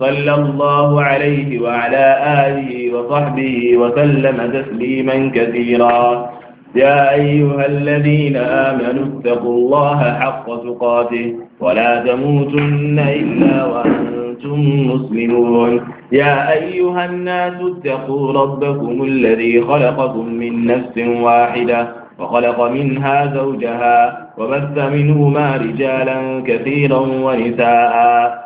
صلى الله عليه وعلى آله وصحبه وسلم تسليما كثيرا يا أيها الذين آمنوا اتقوا الله حق تقاته ولا تموتن إلا وأنتم مسلمون يا أيها الناس اتقوا ربكم الذي خلقكم من نفس واحدة وخلق منها زوجها وبث منهما رجالا كثيرا ونساء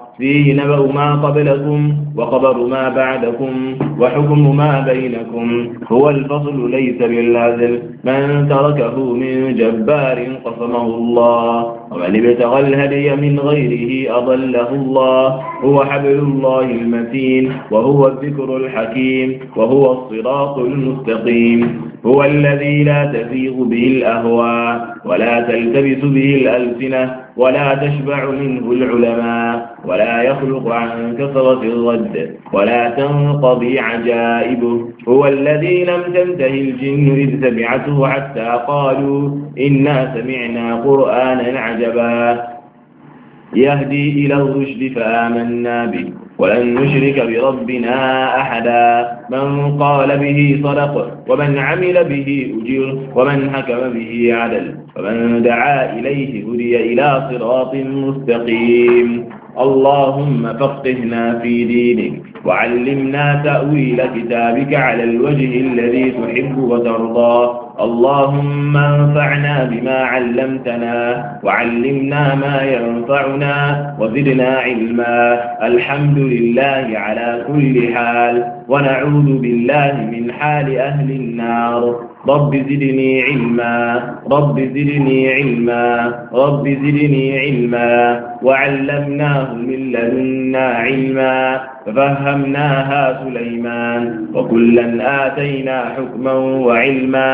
فيه نبأ ما قبلكم وخبر ما بعدكم وحكم ما بينكم هو الفصل ليس بالعزل من تركه من جبار قصمه الله ومن ابتغى الهدي من غيره أضله الله هو حبل الله المتين وهو الذكر الحكيم وهو الصراط المستقيم هو الذي لا تزيغ به الأهواء ولا تلتبس به الألسنة ولا تشبع منه العلماء ولا يخلق عن كثرة الرد ولا تنقضي عجائبه هو الذي لم تنتهي الجن إذ سمعته حتى قالوا إنا سمعنا قرآنا عجبا عجبا يهدي إلى الرشد فآمنا به ولن نشرك بربنا أحدا من قال به صدق ومن عمل به أجر ومن حكم به عدل ومن دعا إليه هدي إلى صراط مستقيم اللهم فقهنا في دينك وعلمنا تأويل كتابك على الوجه الذي تحب وترضى اللهم انفعنا بما علمتنا وعلمنا ما ينفعنا وزدنا علما الحمد لله على كل حال ونعوذ بالله من حال أهل النار رب زدني علما رب زدني علما رب زدني علما وعلمناه من لدنا علما ففهمناها سليمان وكلا آتينا حكما وعلما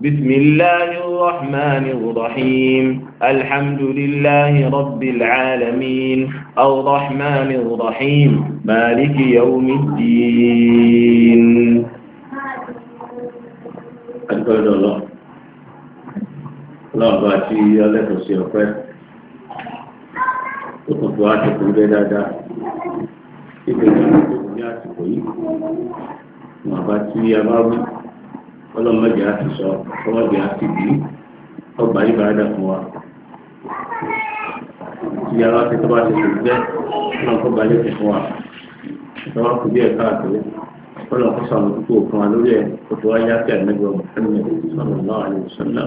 بسم الله الرحمن الرحيم الحمد لله رب العالمين الرحمن الرحيم مالك يوم الدين أكبر الله الله باتي يا لك السيوفة كل كبيرة دا إذا كنت تبنيات كوي ما باتي يا بابي ọlọ́mọdé á ti sọ ọlọ́mọdé á ti bí ọgbà yìí bára dàpọ̀ wa ìyá wa ti tọ́ba ti sùn bẹ́ẹ̀ náà kọ́ balẹ̀ ti fún wa ìtọ́wá kù díẹ̀ káàtó ọlọ́kọ́ sọ̀rọ̀ púpọ̀ fún wa lórí ẹ̀ kótó wa yá kí ànágbọ̀ ẹ̀mí sọ̀rọ̀ náà àlè sọ́nà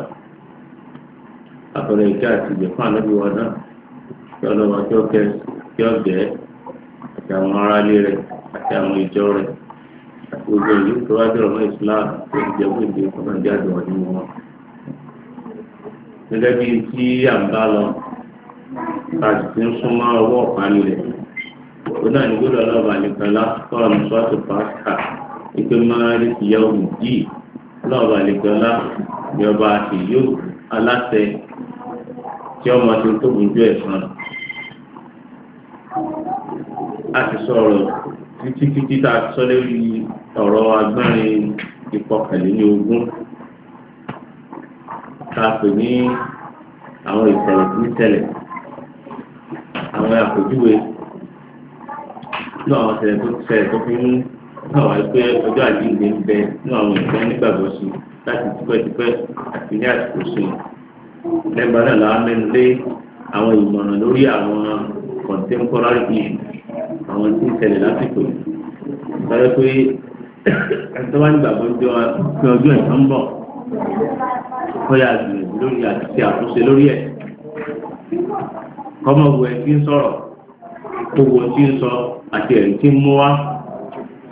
àtọ̀rọ̀ ìjà àti ìjẹ̀fún ànágbọ̀ wa náà kí ọlọ́wọ́ kí ọ kí ọ àti àwọn aráalé rẹ̀ àti àwọn ìjọ rẹ̀ gbogbo ìlú tó wá dọ̀rọ̀ mọ́ Islam tó ti jẹ́ fún ìdí ìfọ̀nà jáde wọn nínú wọn. gẹ́gẹ́ bí tí à ń bá lọ ta sì ti ń súnmọ́ ọwọ́ ọ̀pánu rẹ̀ ó náà ní gbọ́dọ̀ ọlọ́ọ̀bà nìkan lásìkò nìṣọ́ọ̀tù pàṣà wípé máa ti yẹ ohun yìí ọlọ́ọ̀bà nìkan lá ni ọba àti yóò aláṣẹ tí ọmọ ti tóbi ju ẹ̀sán. a ti sọ̀rọ̀ títí títí tá a sọ lórí ọ̀rọ̀ agbárin ìkọkànlélógún ogún tá a pè ní àwọn ìṣẹ̀lẹ̀ tó ń ṣẹlẹ̀ àwọn àpèjúwe ní àwọn ìṣẹ̀lẹ̀ tó ń ṣẹlẹ̀ tó fi ń náà wáyé pé ọjọ́ àjíǹde ń bẹ ní àwọn ìṣẹ́ nígbàgbọ́ sí láti tipẹ́tipẹ́ àti ní àsìkò sí i lẹ́gbàá náà làwọn mẹ́nu lé àwọn ìmọ̀ràn lórí àwọn contemporary issues àwọn tí ń ṣẹlẹ̀ lásìkò sọ́dọ̀ pé ẹ̀sọ́wá nígbà gbọ́njọ́ pé ọjọ́ ẹ̀sán ń bọ̀ kọ́yà gbìyànjú lórí àtúnṣe àtúnṣe lórí ẹ̀ kọ́mọ̀wù ẹ̀ tí ń sọ̀rọ̀ owó tí ń sọ àti ẹ̀rí tí ń mú wá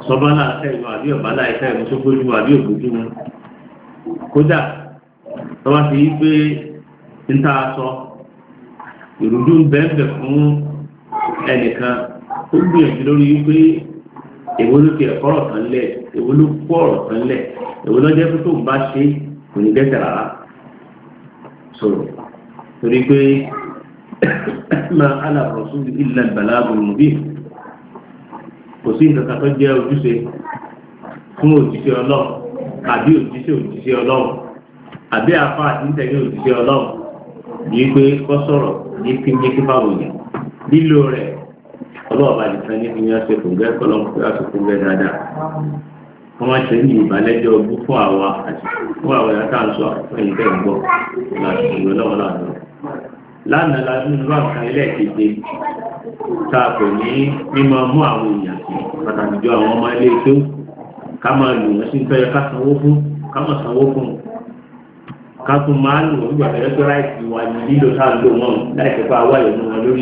sọ́bálà àtẹ̀yìn àbí ọ̀bálà ìtẹ̀yìn tó gbójú àbí ògbójúmu kódà tọ́wá ti yí pé ń tá a sọ ìrújú ń bẹ́ẹ̀ bẹ̀ fún ẹnìkan ó gbìyànjú lórí wípé èwo ló fi ẹ̀kọ́ ọ̀rọ̀ kan lẹ̀ èwo ló kó ọ̀rọ̀ kan èwo ló jẹ́ tó ń bá ṣe kò ní dẹ́ṣẹ̀ rárá sọ̀rọ̀ torí pé máa alábọ̀rọ̀ sún ilẹ̀ ìbàlágùn mùbí kò sí nǹkan tó jẹ́ ojúṣe fún òjíṣẹ́ ọlọ́run àbí òjíṣẹ́ òjíṣẹ́ ọlọ́run àbí àti òjíṣẹ́ ọlọ́run yìí pé kọ́ sọ̀rọ̀ yìí ọlọ́wọ́ bá nìkan ní fi yán ṣe kò gẹ́ kọ́lọ́mù pé àsìkò gẹ́ dáadáa wọ́n máa ṣe ní ìbálẹ́jọ́ ogún fún àwa àti fún àwọn ìyá táà ń sọ ẹ̀yìn tẹ̀ ń gbọ́ láti ìwé lọ́wọ́ láàánú lánàá la ní ìlú àkàn ilé ìkéde tá a kò ní mímọ mú àwọn èèyàn sí pàtàkì jọ àwọn ọmọ ilé tó ká máa lò wọ́n sí ń tọ́yọ ká sanwó fún ká máa sanwó fún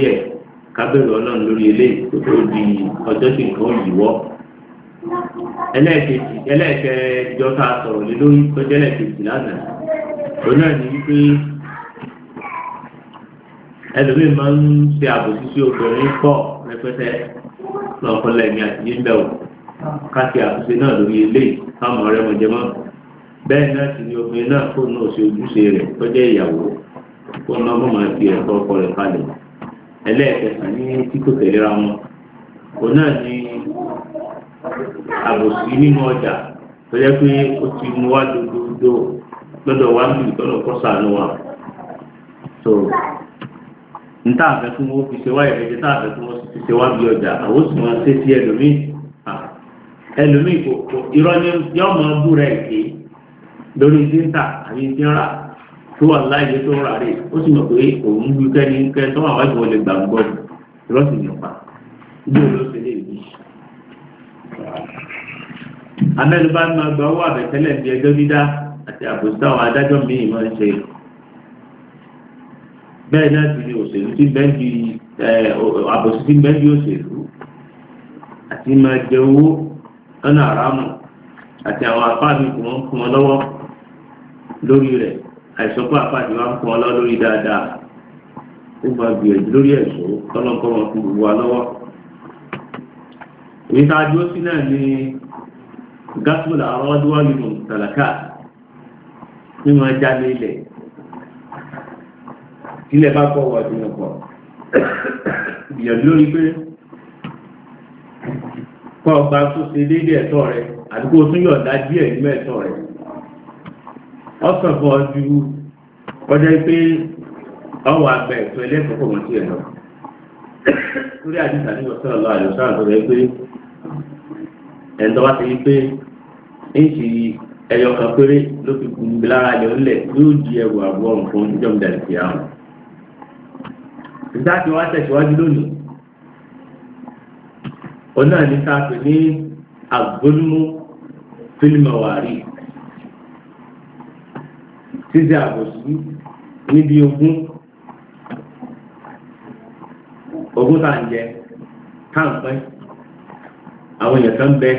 ká kábẹ̀rù ọlọ́run lórí eléyìí tó tó di ọjọ́ sì tó yíwọ́ ẹlẹ́ẹ̀kejì ẹlẹ́ẹ̀kẹjọ tá sọ̀rọ̀ lé lórí tọ́jú ẹlẹ́ẹ̀kejì lánàá òun náà ní wípé ẹlòmíín máa ń ṣe àbòsí sí obìnrin pọ̀ rẹpẹtẹ lọ́kọ́lẹ̀ ní àtijọ́ ń bẹ̀wò káṣí àtúnṣe náà lórí eléyìí káwọn ọ̀rẹ́ mọ̀ jẹmọ́ bẹ́ẹ̀ náà sì ni obìnrin náà kó náà ṣe rẹ̀ tọ́jú ìyàwó kó náà mọ̀ fi ẹ̀kọ́ ọkọ rẹ̀ kalẹ̀ ẹlẹ́ẹ̀kẹsàn ní tí kò tẹ̀léra wọn òun náà ni àbòsí nínú ọjà tó jẹ́ pé ó ti mú wá dodo lọ́dọ̀ wá ń bì tọ́nà kọ́ sànú wa so n tá àfẹ́ fún wọn fi ṣe wá ìrẹ́jẹ tá àfẹ́ fún wọn fi ṣe wá bí ọjà àwọn sì máa ṣe sí ẹlòmíì ẹlòmíì kò irọ́ ni yọ́ọ́ máa búra ẹ̀kẹ́ lórí tí ń tà àbí tí ń tí wà láyé tó rà rè ó sì mọ̀ pé òun wí kẹ́ni kẹ́ tó wà wájú wọn lè gbà ń gbọ́ ìrọ́sì ní pa ilé ìlú ṣe lè rí. amẹ́nubá ń gba owó àbẹ̀tẹ́lẹ̀ bí ẹjọ́ dídá àti àbòsí adájọ́ máa àìsàn pé àpàdé wa ń kọ́ ọlọ́ lórí dáadáa ó máa gbìyànjú lórí ẹ̀sùn kọ́lọ́kọ́ wọn fún gbogbo wa lọ́wọ́. èyí tá a dúró sí náà ni gásùlà àwọn ọdún wọn nínú tàlàkà nínú ẹja ní ilẹ̀ ilẹ̀ bá kọ́ wà nínú pọ̀ ìyẹ̀dú lórí pé kọ́ ọgbà tó ṣe déédéé ẹ̀tọ́ rẹ̀ àti kó o tún díẹ̀ nínú ẹ̀tọ́ rẹ̀ ọ̀sọ̀bọ̀ ju ọjọ́ pé ọwọ́ àgbà ẹ̀tọ́ ẹlẹ́kọ̀ọ́kọ̀ wọn ti ẹ̀ lọ. Torí àdìsá ní ọ̀sán ọ̀la àdìsá àtọ̀rọ̀ pé ẹ̀ńtọ́ wá ti rí pé ń ṣì ẹyọ kan péré ló fi gùn lára yọ ńlẹ̀ yóò di ẹrù àbọ̀ ọ̀rùn fún ìjọba ìdàgbàsí àwọn. Ìdájọ́ wa tẹ̀síwájú lónìí. Ọ̀nà ní sáà pè ní àgbónúmú fílímù àwárí. síse àbòsí níbi ogún ogún tá ń jẹ tá àwọn èèyàn kan bẹ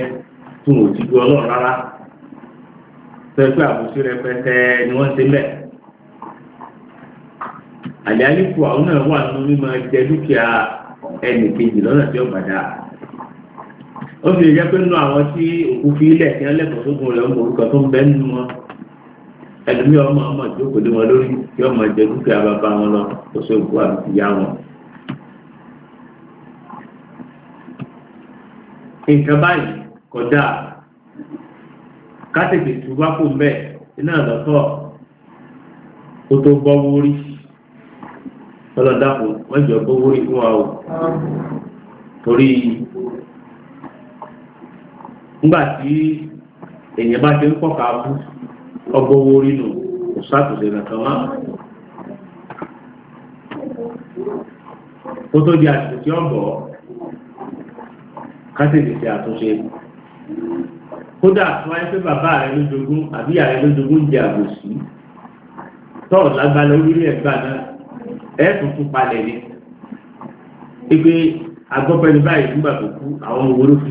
tí wọn ọlọ́run rárá sọ pé ni wọ́n ti mẹ́ àlẹ́ àwọn náà wà nínú mímọ jẹ dúkìá ẹnì kejì lọ́nà tí ó gbàdá ó fi lè jẹ́ pé fi ilẹ̀ wọ́n lẹ́kọ̀ọ́ orúkọ tó ń ẹlòmí ọmọ ọmọ ìjókòó lé wọn lórí kí ọmọ jẹ dúkìá bàbá wọn lọ kó sí òkú àti ìyá wọn. nǹkan báyìí kọjá kátìkì tó bá kó mbẹ iná lọ́tọ̀ kó tó bọ́ wórí ọlọ́dàpọ̀ wọ́n jọ bọ́ wórí fún wa o torí ńgbà èèyàn bá ti ń pọ̀ ká bú. ọgbọ́ owó rínú kò sátùsẹ̀ nǹkan tó di àsìkò tí ọ̀bọ̀ kásìkò ti àtúnṣe kódà tó wáyé pé bàbá rẹ lójogún àbí ìyá lójogún jẹ lágbálẹ̀ orílẹ̀ ẹ̀gbà náà ẹ̀ tuntun palẹ̀ ni pé agbọ́pẹ́ni báyìí nígbà tó kú àwọn owó ló fi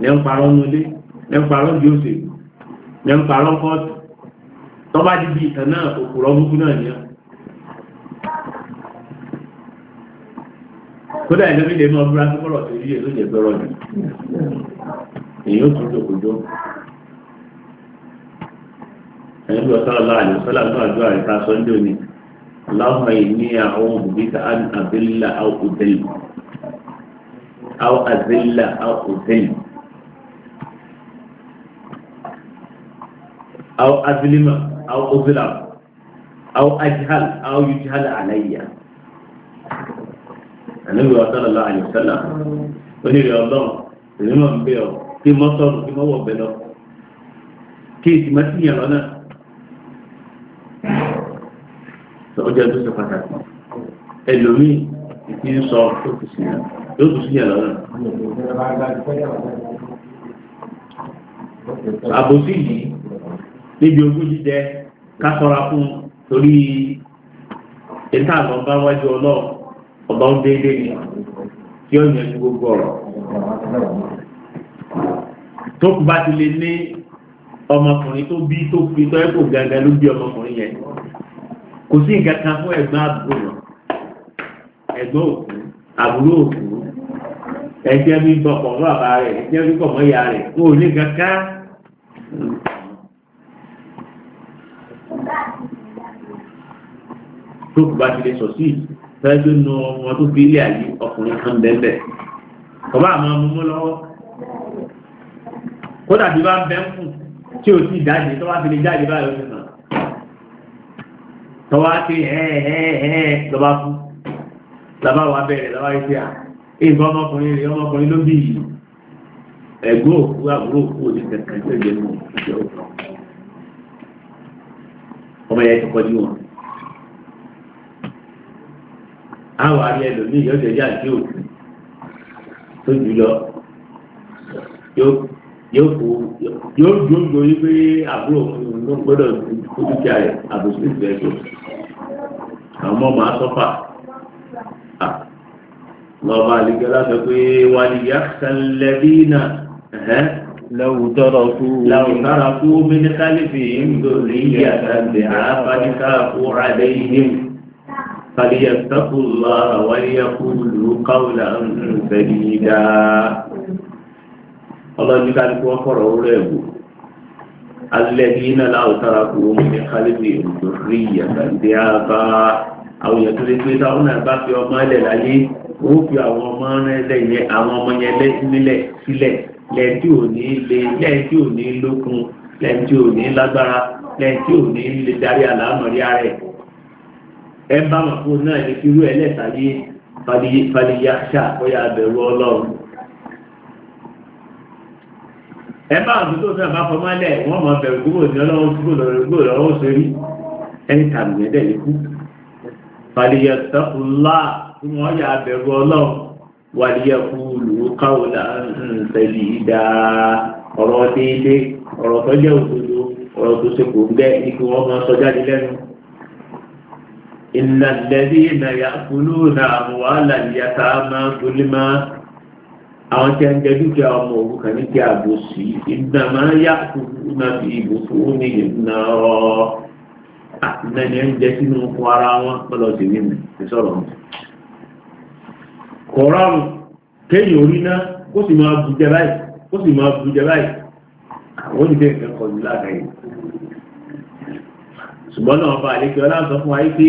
ní ń parọ́ nulé ní ń parọ́ bí òṣèlú ní ń parọ́ kọ́ọ̀tù tó bá di bí ìtàn náà òkúrọ́ búkú náà ní kódà ìlú ilé mọ́ búra tó bọ́rọ̀ tó rí èlò jẹ́ bọ́rọ̀ jù èyí ó tún jòkójó ẹni bí ọ̀sán ọ̀la àlè ọ̀sán làbúrò àdúrà أو أظلم أو أظلم أو أجهل أو يجهل علي النبي صلى الله عليه وسلم wọ́n yẹ ọlọ́run èmi máa ń bẹ ọ kí mọ́ sọ̀rọ̀ kí mọ́ wọ̀ bẹ lọ kí èsì máa ti yàn lọ́nà ọjọ́ tó ṣe pàtàkì ẹlòmíì ti ń sọ tó fi sí yàn yóò tún sí yàn lọ́nà. àbòsí yìí níbi ogún jíjẹ ká ṣọ́ra fún torí ìta àwọn bá wájú ọlọ́ọ̀ ọba ń déédé ni tí ó yẹn gbogbo ọ̀rọ̀ tó kù bá ti lè ní ọmọkùnrin tó bí tó fi tọ́ ẹ̀kọ́ gàgà ló bí ọmọkùnrin yẹn kò sí nǹkan kan fún ẹ̀gbọ́n àbúrò ẹ̀gbọ́n òkú àbúrò òkú ẹ̀jẹ̀ mi bọ̀ pọ̀ mọ́ rẹ̀ ẹ̀jẹ̀ mi bọ̀ mọ́ ìyá rẹ̀ kò ní nǹkan tó kù bá ti lè sọ sí fẹ́ẹ́jú nu wọn tó fi ilé ayé ọkùnrin kan bẹ́ẹ̀ ọba àmọ́ mú lọ́wọ́ kódà bí bá ń bẹ́ ń kù tí o ti jáde tó bá fi lè jáde báyìí ó ti sàn tọ́wọ́ á ti hẹ́ẹ̀hẹ́ẹ̀hẹ́ lọ́ba fún lọ́ba wà bẹ̀rẹ̀ lọ́ba yìí sí à ìgbà ọmọkùnrin rẹ̀ ọmọkùnrin ló bí yìí ẹ̀gbọ́n òkú àbúrò òkú òní kẹ̀kẹ́ tó yẹ mọ́ ọmọ yẹn ti kọjú wọn. àwọn àrí ẹlòmíì yóò tẹ̀lé àti òkú tó jùlọ yóò kú yóò dúró yí pé àbúrò ló gbọ́dọ̀ dúkìá rẹ̀ àbòsí ìfẹ́ tó àwọn ọmọ sọ́fà lọ́ba àlejò láti pé wàlíyá sàlẹ̀dínà lẹ́wùtọ́rọ̀kú lẹ́wùtọ́rọ̀kú mínísálífì ń dòrí yàtà bẹ̀rẹ̀ fàdíkà fúra فليتقوا الله وليقولوا قولا سديدا ọlọ́run ní kálukú wọn fọ̀rọ̀ owó rẹ̀ wò alẹ́bí náà láwùjọ tara kú omi ní kálíbì ìdòrí àtàndé àbá àwọn èèyàn tó lè gbé táwọn náà bá fi ọmọ ẹlẹ̀ láyé ó fi yẹn àwọn ọmọ yẹn lẹ́sílẹ̀ sílẹ̀ lẹ́ẹ̀tí ò lé lẹ́ẹ̀tí ò lókun lẹ́ẹ̀tí ò lágbára lẹ́ẹ̀tí ò lè darí àlámọ̀rí ara ẹ̀ ebe màkú náà ní irú ẹlẹ́tàdí fàdíyàṣà bóyá abẹ̀rù ọlọ́run ẹ̀bá àti tó fẹ́ bá fọmọ́lẹ̀ wọ́n mọ̀ bẹ̀rù gbogbo ní ọlọ́run gbogbo sórí ẹni tàbí ẹ̀dẹ̀ ní kú fàdíyàṣà tí wọ́n yà ọlọ́run ń tẹ̀lé ìdá ọ̀rọ̀ déédéé ọ̀rọ̀ tó jẹ́ òdodo ọ̀rọ̀ tó ṣe kò ń إلا الذين يأكلون أموال اليتامى ظلما àwọn tí a ń jẹ dúkìá ọmọ òrukàn ní kí àbòsí ìdámá yá kúrúnà bí ìbòsó ní ìdínà ọ àtìlẹyìn ń jẹ sínú fún ara wọn pẹ̀lú ọdún nínú ìsọ̀rọ̀ wọn. kọ̀ọ̀rọ̀rùn kéèyàn orí náà ó sì máa bu jẹ báyìí ó sì máa bu jẹ báyìí àwọn oníṣẹ́ nǹkan kọjú láàárín. ṣùgbọ́n náà ọba àlejò ọlá sọ fún wa yìí pé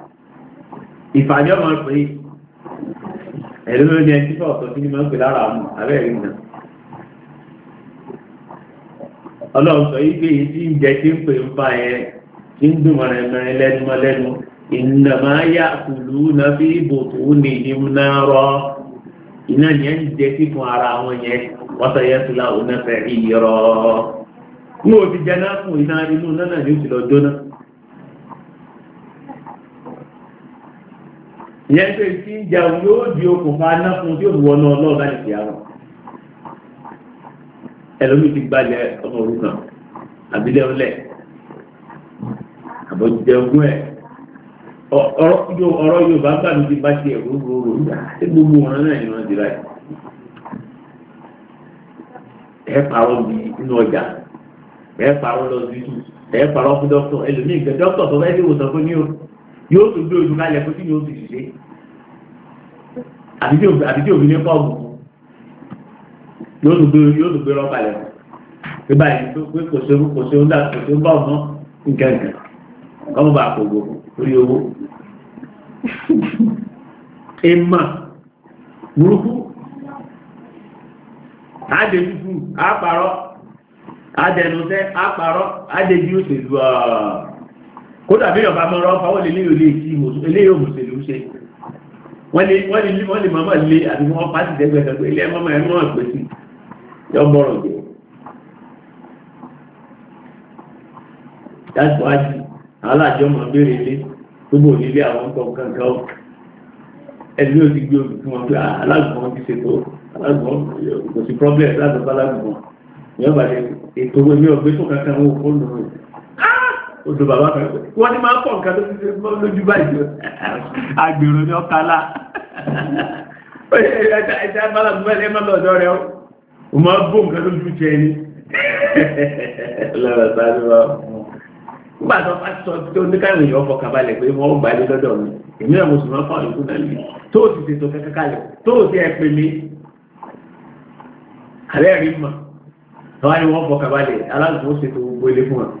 ìfàjọ́ máa pè é ẹ̀lú ló ní ẹtí fọ́ọ̀tọ̀ tí ní máa ń pè lára àmú abẹ́rẹ́ ìrìnà ọlọ́run sọ yí pé èyí tí ń jẹ tí ń pè ń fa ẹ tí ń dùn mọ́ra ẹ̀mẹ́rin lẹ́nu mọ́ lẹ́nu ìnàmá yá kùlù náà fi ibò tó ní ìdímú náà rọ iná yẹn ń jẹ tí fún ara wọn yẹn wọ́tọ̀ yẹn tó láwọn náà fẹ́ ìyọrọ. n ti jẹ náà fún iná inú náà ní ìyẹn pé tí ń jẹun yóò di okùnfà anáfún tí ó wọ náà náà láti fi àwọn ẹlòmí ti gbalẹ̀ ọmọ òrukàn àbílẹ̀ ọlẹ̀ àbọ̀jẹ̀gún ẹ̀ ọ̀rọ̀ Yorùbá gbà mí ti bá ti ẹ̀rú rorò tí gbogbo wọn náà ni wọ́n ti ra ẹ̀ parọ́ bí inú ọjà ẹ̀ parọ́ lọ sí ìlú ẹ̀ parọ́ fún dókítà ẹlòmí ìgbẹ́ dókítà tó fẹ́ẹ́ lè wòsàn fún ní o yóò tún gbé ojú kalẹ̀ fún kí ni ó ti ṣiṣẹ́ àdídí òbí ní pọ́ọ̀bù yóò tún gbé rọ́bà lẹ́nu pé báyìí tó pé kò ṣe kò ṣe ńlá kò ṣe ń bá ọ̀nà nǹkan nǹkan kọ́mọ́ bá kò gbogbo lórí owó. ìmọ̀ burúkú àdè dúdú àpàrọ̀ àdẹnusẹ́ àpàrọ̀ àdè bí ó ṣèlú kódà bí ọba mọ́ra ọ̀fà ó lè léyò lè ṣí eléyò òṣèlú ṣe wọ́n lè wọ́n lè mọ́mọ́ lé àbí wọ́n pàṣẹ dẹ́gbẹ̀ẹ́ pé ilé mọ́mọ́ ẹ̀ mọ́ pèsè yọ bọ́rọ̀ jù dáṣọ ájú aláàjọ mọ̀ béèrè ilé gbogbo onílé àwọn nǹkan kankan ó ẹni yóò ti gbé omi fún wọn pé ah, alágùnmọ́ ti ṣètò alágùnmọ́ kò sí problem láti bá alágùnmọ́ ìyọ́bàdé ètò omi ọ̀gbẹ́sùn kankan ó fọ́ọ̀nù rẹ̀ odò bàbá kan wọ́n ní máa ń pọ̀ nǹkan tó ti ṣe lójú báyìí agbèrò ní ọ̀kálá ẹja bala bú ẹlẹ́ máa lọ́dọ̀ rẹ o máa bó nǹkan lójú jẹ ni lọ́rọ̀ sáré wa nígbà tó bá sọ tó ní káyọ̀ yọ̀ ọkọ̀ kabalẹ̀ pé wọ́n gbà ní lọ́dọ̀ mi èmi náà mo sì máa fọ́ọ̀lù fún ẹ̀mí tó o ti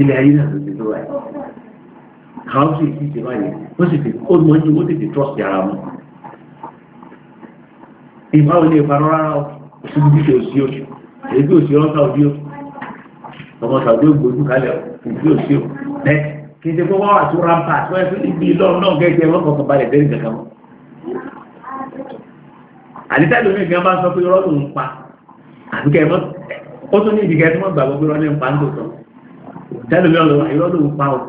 ilẹ̀ ayé náà lòdì tó wáyé àwọn sì ti ṣe báyìí wọ́n sì fi ó mọ ní wọ́n sì fi trust ara wọn ìbáwọn ilé ìparọ́ rárá o síbi bí kò sí o èyí òsì ọ́nà òbí o ọmọ sàgbé ògbójú kalẹ̀ òbí òsì o ẹ kì í ṣe pé wọ́n wà tó rampa tó ẹ fi ibi lọ́run náà gẹ́gẹ́ wọ́n kọ̀ọ̀kan balẹ̀ bẹ́ẹ̀ kankan mọ́ àdìsá ìlú mi gan bá sọ pé tẹ́lùmí ọ̀lọ́ ìrọ́lù ń pa ọ̀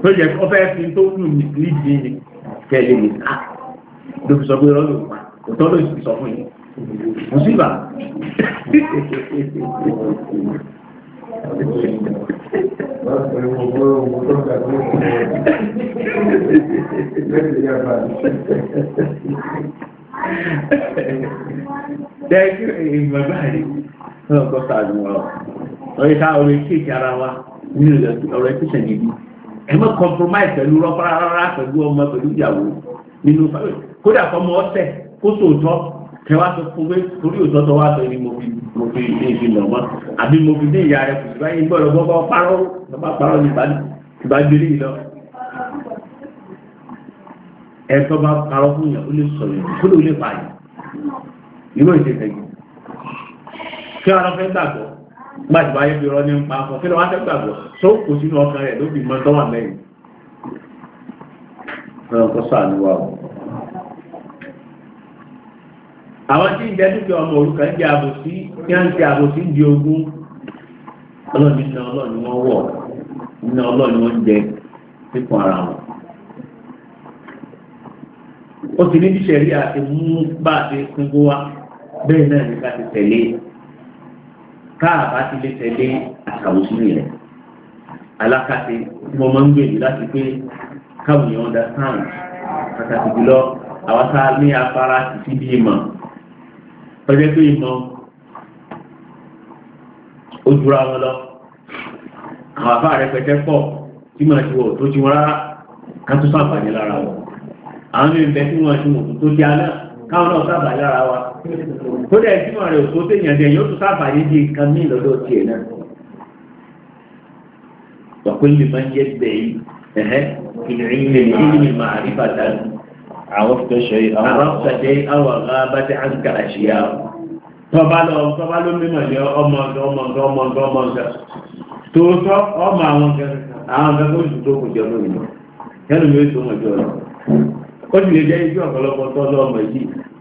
tó jẹ́ ọfẹ́ tó wù mí nídìí ni kẹ́lẹ̀ mi ká ah, ló fi sọ pé ìrọ́lù pa òtọ́ ló sì sọ fún yìí mo sì bà Thank you, my eh, body náà kọ́ sáàdù wọn lọ lọ́yẹ́ ká ọ̀rọ̀ ìkéèkì ara wa ní ọ̀rọ̀ ìkéèkì gidi ẹ mọ́ compromise pẹ̀lú rọ́párá rárá pẹ̀lú ọmọ pẹ̀lú ìyàwó nínú kódà fọmọ ọ̀sẹ̀ kó sòótọ́ kẹwàá tó fún pé torí òótọ́ tó wá sọ ni mo fi mo fi ní ìfi nà mọ́ àbí mo fi ní ìyá rẹ kò sí báyìí gbọ́dọ̀ bọ́ bá parọ́ bá parọ́ ní ìbágbélé yìí lọ ẹ̀tọ́ bá parọ́ fún yàn ó lè sọ̀rọ̀ kó ló lè pààyàn irú ìṣẹ̀fẹ̀ yìí kí wọ́n lọ fẹ́ gbàgbọ́ láti báyé bí rọ́ ní ń pa ọkọ̀ kí lọ wá fẹ́ gbàgbọ́ tó kò sínú ọkàn rẹ̀ ló fi mọ́ tọ́wà lẹ́yìn ọ̀rọ̀ kọ́ sàánúwà ọ̀ àwọn tí ń jẹ́ dúkìá ọmọ òrùka ń jẹ́ àbòsí kí á ń di ogún ọlọ́ọ̀ni ní ọlọ́ọ̀ni wọ́n wọ̀ ní ọlọ́ọ̀ni wọ́n ó ti ní bí sẹ̀rí àti mú bá àti kúngó bẹ́ẹ̀ náà ní ká ti tẹ̀lé e káàbá ti lè tẹ̀lé àkàwò sílẹ̀ rẹ̀ alákàtí tí wọ́n máa ń gbèrú láti pé káwọn èèyàn understand pàtàkì jùlọ àwọn tá a ní afárá ti fi bí ìmọ̀ ọjọ́ pé ìmọ̀ ó jura wọn lọ àwọn afá rẹpẹtẹ pọ̀ tí màá ti wọ̀ tó ti wọn rárá ká tó sábà ní lára wọn àwọn mí bẹ tí wọn ti wọ̀ tó ti alẹ́ káwọn náà sábà ní lára wa tó dẹ̀ tí wọ́n rẹ̀ òṣó tó yàn jẹ́ yóò tún sáfàdé di nǹkan mí lọ́dọ̀ tiẹ̀ náà wọ́pẹ́ lè máa ń yẹ bẹ̀ yìí ẹ̀hẹ́ ìrìn ilẹ̀ yìí ni màá rí bàtà àwọn fìtọ́ṣẹ́ àwọn fìtọ́ṣẹ́ àwọn àgbàbàtà àǹkà àṣìyà tọ́ba lọ tọ́ba ló mímọ̀ ní ọmọ ọ̀gá ọmọ ọ̀gá ọmọ ọ̀gá ọmọ ọ̀gá tòótọ́ ọmọ àwọn àwọn tó kù jẹ́ tó mọ̀ jọ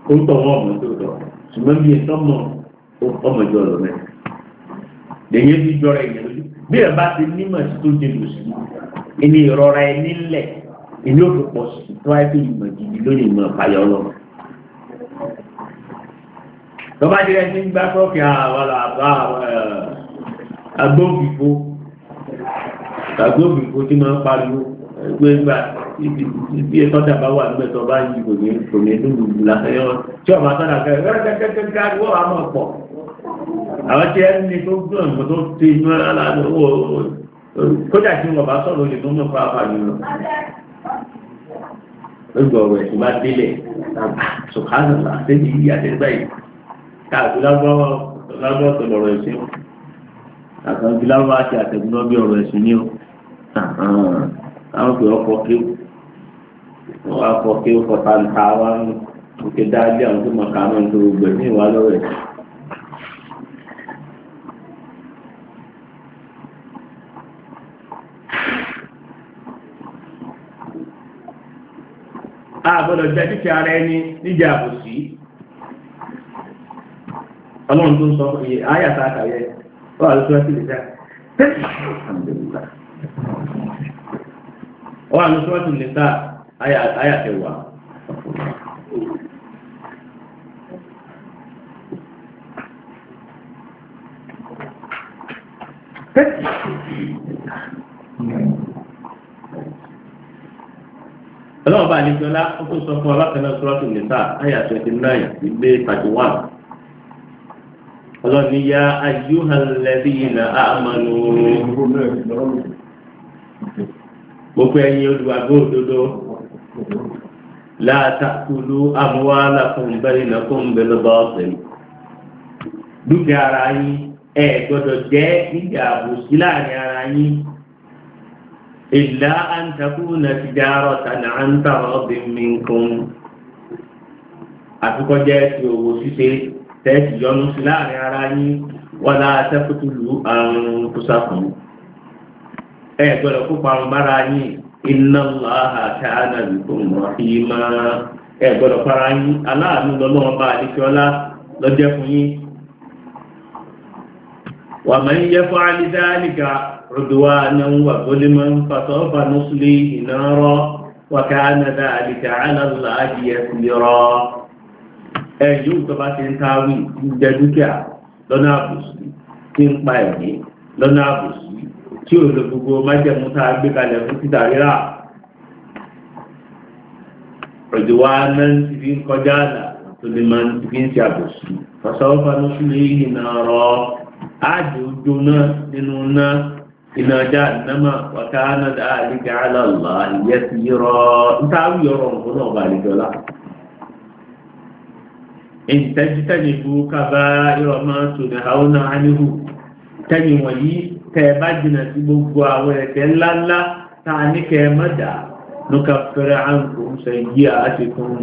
ó tọ̀ wọ́n ọmọ tó tọ̀ ṣùgbọ́n bí ẹ̀tọ́ mọ̀ ọmọ ìjọ lọ mẹ́ lẹ́yìn tí jọra ẹ̀yẹ lójú bí ẹ̀ bá ti nímọ̀ sí tó jẹ lòsì ẹni ìrọra ẹ nílẹ̀ ẹni ó fi pọ̀ sí tó wáyé pé ìmọ̀ jìbì lónìí ìmọ̀ ìpayọ̀ ọlọ́run lọ́ba jẹ́ ẹni gbá sọ́ọ̀kì àwọn ah, agbófinfo agbófinfo tí máa ń pariwo ẹgbẹ́ gbà ibi ẹ̀tọ́ dàbá wà nígbà tó bá yí kòní kòní lùlù lásẹ̀yọ́ tí ọba sọ́dà kẹ́ kẹ́kẹ́kẹ́kẹ́ wọ́n wà mọ̀ pọ̀ àwọn tí ẹni ní tó gbọ́n nǹkan tó ti inú ẹ̀ lálẹ́ owó kódà tí wọn bá sọ̀rọ̀ oye tó ń fa àfààní lọ. ó gbọ́ ọ̀rọ̀ ẹ̀sùn bá délẹ̀ sùkánù àtẹ́jì yìí àtẹ́gbà wọ́n wá fọ kí ó fọ tàǹtà wá ń òkè dáadé àwọn tó mọ̀ ká mọ̀ ní gbogbo ní ìwà lọ́wọ́ ẹ̀. a gbọ́dọ̀ jẹ́ dúkìá ara ẹni níjà àbòsí ọlọ́run tó ń sọ iye ayàtà àkàyẹ wà lóṣù ẹ̀sì lè dá wà lóṣù ẹ̀sì lè àyà kẹwàá. ọlọ́run bá àlejò ọlá ó tó sọ fún ọlọ́kànnà sọ́ọ́tù nìta àyà twenty ìgbé ayúhànlẹ́bí na àmàlù gbogbo ẹ̀yin olùwàgbọ́ òdodo. la ta'kulu amwalakum bainakum bil batil dúkìá ara yín ẹ gbọ́dọ̀ jẹ́ níjà àbòsí láàrin ara yín illa an takuna tijaratan an taradin minkum àfikọ́jẹ́ ti òwò ṣíṣe tẹ́ẹ̀sì yọnu sí láàrin ara yín wala taqtulu anfusakum ẹ gbọ́dọ̀ kópa ọ̀run bára yín iná láha káàdà bìkún rọ̀hìmá ẹ gbọ́dọ̀ fara yín aláàánú lọ́lọ́wọ́ bá adéṣọ́lá lọ́jẹ́ fún yín wà máa ń yẹ fún alídáàlìkà rọ̀dùwà náà wà gbọ́dọ̀ máa ń fàtọ́ fanúsùlé iná rọ̀ wà káàdà dáàlìkà ẹ yóò tó bá ti ń káwí jẹ dúkìá lọ́nà àbùsùn tí ń pa ẹ̀mí lọ́nà àbùsùn tí ò lè gbogbo májẹ̀mú tá a gbé kalẹ̀ fún títà rírà ọ̀dùwà náà ti fi ń kọjá àlà tó lè máa ti fi ń ṣe àbòsí fọ́sọ́fà ló sì lè yìí náà rọ áàdì ojú náà nínú náà iná já nàmà wàká náà dá àlíkà àlàlà ìyẹ́ ti rọ ntáwí ọ̀rọ̀ nǹkan náà bá àlejò ọ̀la. ìtẹ́jú tẹ́jú kábàá ìrọ̀mọ́ tòdà àwọn náà á níhù tẹ́jú wọ̀nyí tẹ́ bá jìnà sí gbogbo àwọn ẹ̀kẹ́ ńláńlá táa ní kẹ́ mọ́dà lóka fẹ́rẹ́ àǹkùn sẹ yí àṣekùn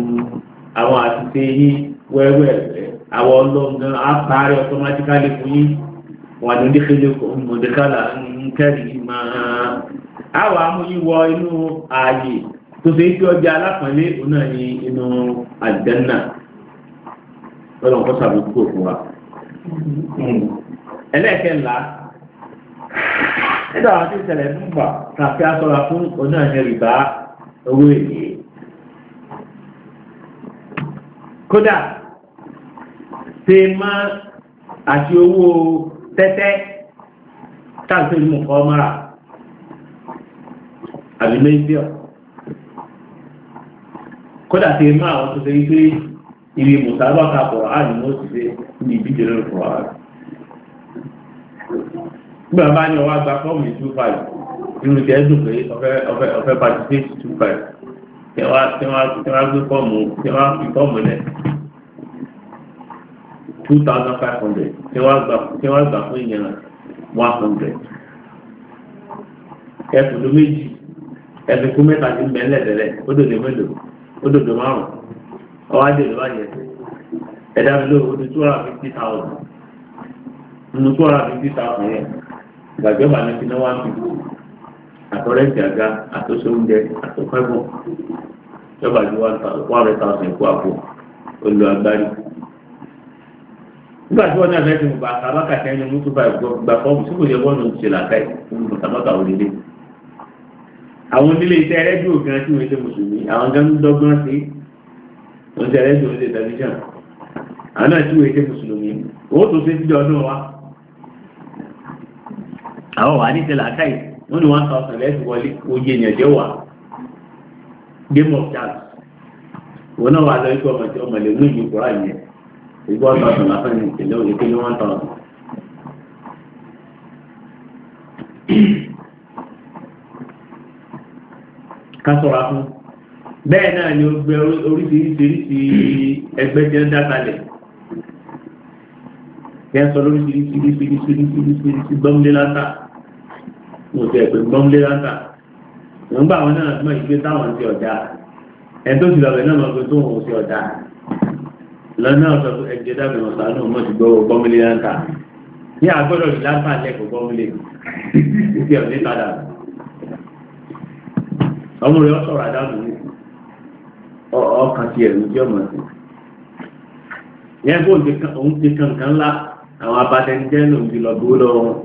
àwọn àtúnṣe yí wẹ́wẹ́ẹ̀fẹ́ àwọn ọlọ́gbọ́n á parí ọtọmátíkálì fún yí wà ní dékèlè kún mọ̀dékálà ń kẹ́rì máa àwọn tí ọjà alápọ̀nlé òun náà ní inú àjẹ́nà lọ́lọ́kọ́sàbí kúrò fún ẹlẹ́ẹ̀kẹ́ ńlá nígbà wọn ti ṣẹlẹ̀ nígbà tàbí aṣọra fún oní àjẹrìbá owó èlé kódà tèèmà àti owó tẹ́tẹ́ táàpé mú kọ́ mọ́ra àbí méjì ọ̀ kódà tèèmà àwọn tó ṣe wípé ibi mùsàlùmọ́ kàpọ̀ àdìmọ́ ti ṣe ní ìbíjẹ́ lórí fún wa. nígbà bá ní ọwọ́ àgbà fọ́ọ̀mù two five inú ìjẹ́ ẹ̀dùn pé ọ̀fẹ́ ọ̀fẹ́ ọ̀fẹ́ participate two five tí wọ́n tí wọ́n gbé fọ́ọ̀mù tí wọ́n fi fọ́ọ̀mù lẹ̀ two thousand five hundred tí wọ́n gbà tí wọ́n gbà fún ìyẹn one hundred ẹ̀fọ́ ló méjì ẹ̀fọ́ kú mẹ́ta ti mẹ́ lẹ́dẹ̀lẹ̀ ó dòdò mélòó ó dòdò márùn ọwọ́ adé ló bá yẹ ẹ̀dá mi lóhùn ó di two hundred fifty thousand mo yẹn gbàjọba ní kí náà wá fi àtọ́rẹ́ ìjàgá àtọ́sọ oúnjẹ àtọ́fẹ́gùn jọba ju one hundred thousand kó àpò olú agbárí. nígbà tí wọ́n ní àlẹ́ ìdìbò àti abákàtà ẹni mú tó bá ìgbà fọ́ọ̀mù tí kò yẹ bọ́ọ̀lù ti làkà ìfún mọ̀tàmọ́tà òrìlé. àwọn onílé iṣẹ́ rẹ́díò gan tí wọ́n ṣe mùsùlùmí àwọn gan ń dọ́gbọ́n sí oúnjẹ rẹ́díò oúnjẹ tẹlifíṣàn àwọn náà tí wọ́n ṣe mùsùlùmí owó tó ṣe àwọn wà ní ìṣẹ̀lẹ̀ àkáyì wọ́n ní one thousand lẹ́sìn wọlé oyè ènìyàn jẹ́ wà game of chance wọn náà wà lọ́yìn pé ọmọ tí ọmọ lè mú ìlú kúrò àyè ìgbọ́ one thousand lásán ní ìṣẹ̀lẹ̀ òye pé ní one thousand. ká sọ̀rọ̀ afún bẹ́ẹ̀ náà ni ó gbé oríṣiríṣi ẹgbẹ́ tí ó dá kalẹ̀ yẹn sọ lórí sírísírísírísírísírísí gbọ́mlé látà mo ti ẹ̀pẹ̀ gbọ́mlé látà wọ́n bá àwọn náà mọ̀ ìgbé táwọn ti ọ̀dà ẹ̀ tó ti lọ́bẹ̀ náà mọ̀ pé tó wọn ti ọ̀dà lọ́nà ọ̀sọ̀ ẹ̀jẹ̀ dábì wọn sàánù mọ̀ ti gbọ́wọ́ gbọ́mlé látà ní àgbọ̀dọ̀ yìí látà lẹ́kọ̀ọ́ gbọ́mlé ti ọ̀dẹ́ padà ọmọ rẹ̀ ọ̀sọ̀rọ̀ àdáàbò ọkàn ti ẹ̀rù jẹ́ ọmọ yẹn bó ń ti kankan ńlá àwọn abatẹnijẹ́ lòun ti lọ gbowó lọ́wọ́ wọn.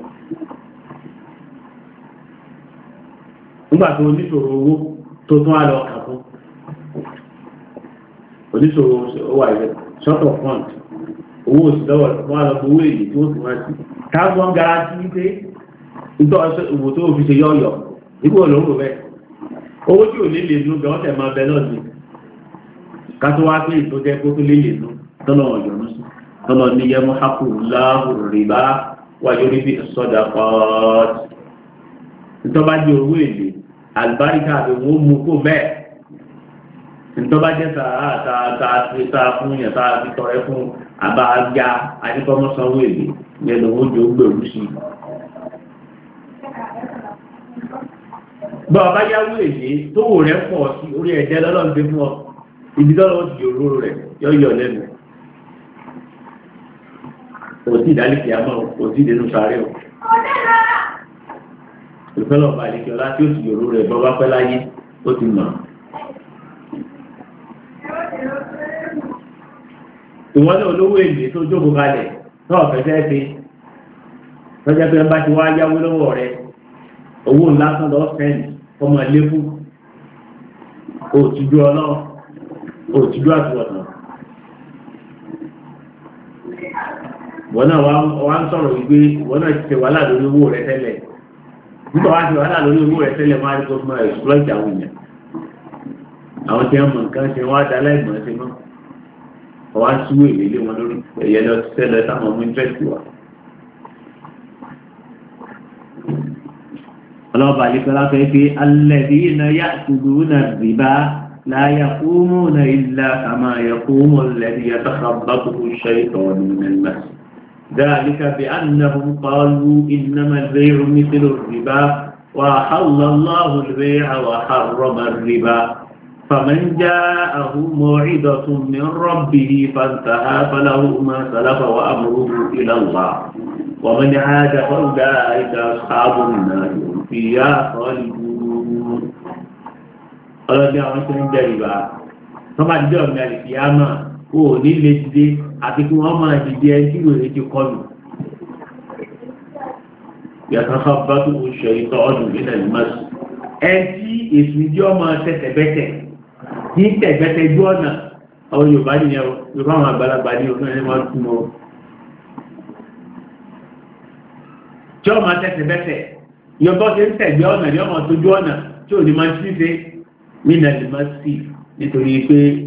nígbà tó oníṣòro owó tó tún á lọ kà fún oníṣòro owó àìsàn short of funds owó òsì lọ́wọ́ wọn á lọ gbowó èyí tí wọ́n sì máa sí. táwọn garanti wípé ìtọ́ ìwò tó fi ṣe yọ̀ọ̀yọ̀ nígbà olóńgbò bẹ́ẹ̀ owó tí ò ní lè nu gan ọ̀tẹ̀ máa bẹ náà ni ká tó wá pé ìtọ́jẹ́ kó tó lè lè nu tọ́lọ̀ ọ̀yọ̀ náà tọ́lọ ní yẹ mú hapù láàrù rìbá wà yórí bí sọ́dà pọ́ọ̀tì ntọ́ba jẹ́ owó èlé àlùbáríkà àti wọ́n mú kó bẹ́ẹ̀ ntọ́ba jẹ́ sàárà tààtà fún yẹn tààtà fi tọrẹ fún àbá ajá adékọ́mọ́sánwó èlé yẹn lọ́wọ́ jẹ́ ó gbèrú sí i. bọ́ ọba yáwó kò sí ìdálẹ́kì àmọ́ kò sí ìdẹ́nu sáré o. ìfẹ́lọ̀ ọba àlejò ọlá tí ó sì yòrò rẹ̀ bọ́ bá pẹ́ láyé ó ti mọ̀. ìwọ́n náà olówó èlé tó jókòó kalẹ̀ náà fẹ́fẹ́ fi lọ́jà pé ń bá ti wá yáwó lọ́wọ́ rẹ̀ owó ńlá sán lọ́ fẹ́ẹ̀lì ọmọ ẹlẹ́kù òtújú ọlọ́ òtújú àtúwọ̀tàn. wọn náà wá ń sọ̀rọ̀ wípé wọn náà ti wàhálà lórí owó rẹ tẹ́lẹ̀ nígbà wá ti wàhálà lórí owó rẹ tẹ́lẹ̀ máa rí kó fún ẹ̀sùlọ́ọ̀tì àwọn èèyàn àwọn tí wọ́n mọ̀ nǹkan ṣe wọ́n á láìmọ̀ ṣe mọ́ ọwá ń súwò ìlélé wọn lórí ẹ̀yẹ lọ sẹ́lẹ̀ táwọn ọmọ ìjọ́sì wa ọlọ́ọ̀bà àlefẹ́lá fẹ́ pé alẹ́bí iná yá tùdú náà zìbá láyà kúmù náà ilá àmà yẹ kúmù lẹ́bí yàtọ̀ àbákùkù ذلك بأنهم قالوا إنما البيع مثل الربا وأحل الله البيع وحرم الربا فمن جاءه موعدة من ربه فانتهى فله ما سلف وأمره إلى الله ومن عاد فأولئك أصحاب النار فيها خالدون. قال يا مسلم جريبا ثم الدنيا القيامة o ò ní lè dìde àti kí wọ́n máa dìde ẹni tí wèrè ti kọlù yàtọ̀fà bá tó o ṣe ìtọ́ ọdún nílẹ̀ ìmọ̀sí ẹni tí èsù ìdí ọmọ tẹ̀tẹ̀bẹ́tẹ̀ ní tẹ̀gbẹ́tẹ̀ ju ọ̀nà àwọn Yorùbá nìyẹn o Yorùbá àwọn àgbàlagbà ní ọdún ẹni máa túmọ̀ o tí ọmọ tẹ̀tẹ̀bẹ́tẹ̀ yọ̀bọ́ ti ń tẹ̀gbẹ́ ọ̀nà ní ọmọ tójú ọ̀nà tí ò ní máa ń ṣíṣe nílẹ̀ ìmọ̀sí nítorí pé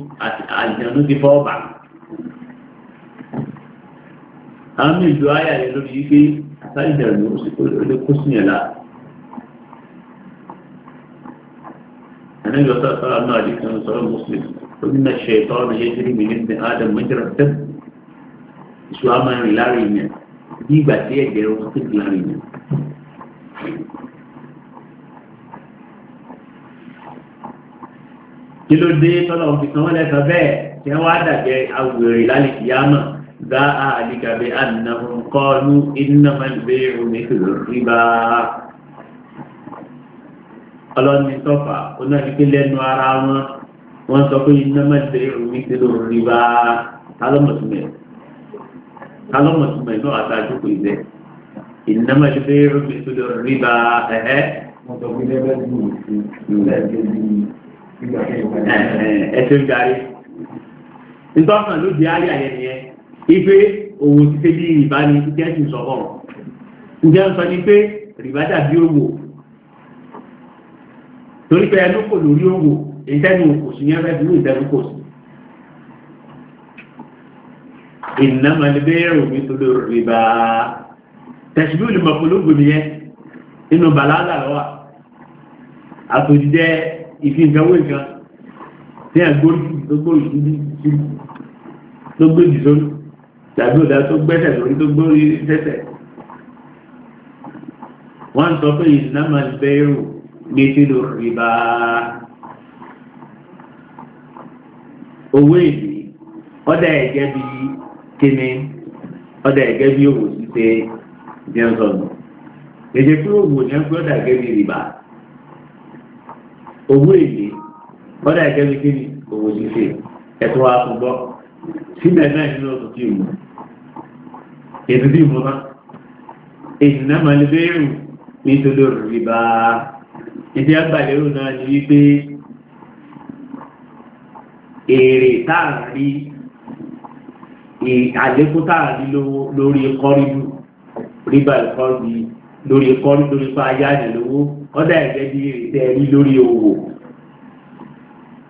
àjẹ̀nú ti fọ́ bà. àwọn ìlú ayà rẹ̀ lórí wípé àtàlìjẹ̀ ló lè kó sí yẹn la. ànábì ọ̀sán sọ́ra náà àdé kan sọ́ra muslim ó ní na ṣe ìtọ́ ọ̀nà yẹn tẹ́lẹ̀ mi ní adam mẹ́jọ́ra tẹ́ ìṣù àmọ́ ìrìn láàrin yẹn bí ìgbà tí ẹ̀jẹ̀ rẹ̀ wọ́n ti láàrin yẹn. kí ló dé tọ́lọ̀ fi kan wọ́n lẹ́sàn bẹ́ẹ̀ tí wọ́n wá dàgẹ́ awèrè lálẹ́ kìyàmà dá àdìgàbé ànàhùn kọ́ọ̀lù iná máa ń gbé omi rìbá. ọlọ́ni tọ́fà onáàdìgbé lẹ́nu ara wọn wọ́n sọ pé iná máa ń gbé omi rìbá tálọ́mọ̀tìmẹ̀ tálọ́mọ̀tìmẹ̀ náà àtàjù kò ìbẹ̀ iná máa ń gbé omi ẹ̀hẹ́. wọ́n sọ pé lẹ́gbẹ̀ẹ́ ẹ̀ṣẹ̀ ń darí ntọ́sán ló di ayé ayẹyẹ ife òwò títí bí ìbá ni títí ẹ̀sìn sọ̀kọ̀ ǹjẹ́ ń sọ ni pé rìbá dàbí òwò torí pé ẹnu kò lórí òwò ìtẹ́nu kò sí ní ẹgbẹ́ ìlú ìtẹ́nu kò sí. ìnáma ni bẹ́ẹ̀ rò mí tó lórí rìbá tẹ̀síbí olùmọ̀pọ̀ ló gbòmìyẹ nínú bàlá àlàlọ́wà àtòjídẹ́ ìfi ìgbàwó ìkan tí àgbórí tó gbórí sí tó gbé jù sórí tàbí ọ̀dà tó gbẹ́sẹ̀ lórí tó gbórí sẹ́sẹ̀ wọ́n sọ pé ìnáma bẹ́rù gbé sí ló rìbá owó èlé ọ̀dà ẹ̀gẹ́ bí kíni ọ̀dà ẹ̀gẹ́ bí òwò ṣíṣe jẹun sọ̀nù èdè pé òwò ní ẹgbẹ́ ọ̀dà ẹ̀gẹ́ bí rìbá owó èlé ọ̀dà ìkẹ́lẹ́ kí ni owó ṣíṣe ẹ̀tọ́ àtúgbọ́ síbẹ̀ náà nínú ọ̀tún tí ìmọ̀ ètò tí ìmọ̀ náà èyí náà máa lè bẹ́ẹ̀rù nítorí rìbá ìdí agbàlérò náà ni wípé èrè táàrí àlékún táàrí lórí kọ́rìdù rìbá kọ́rìdù lórí kọ́rìdù lórí pa ayáàdì lówó kọ́dà ẹ̀gẹ́ bí ìrìtẹ́ rí lórí owó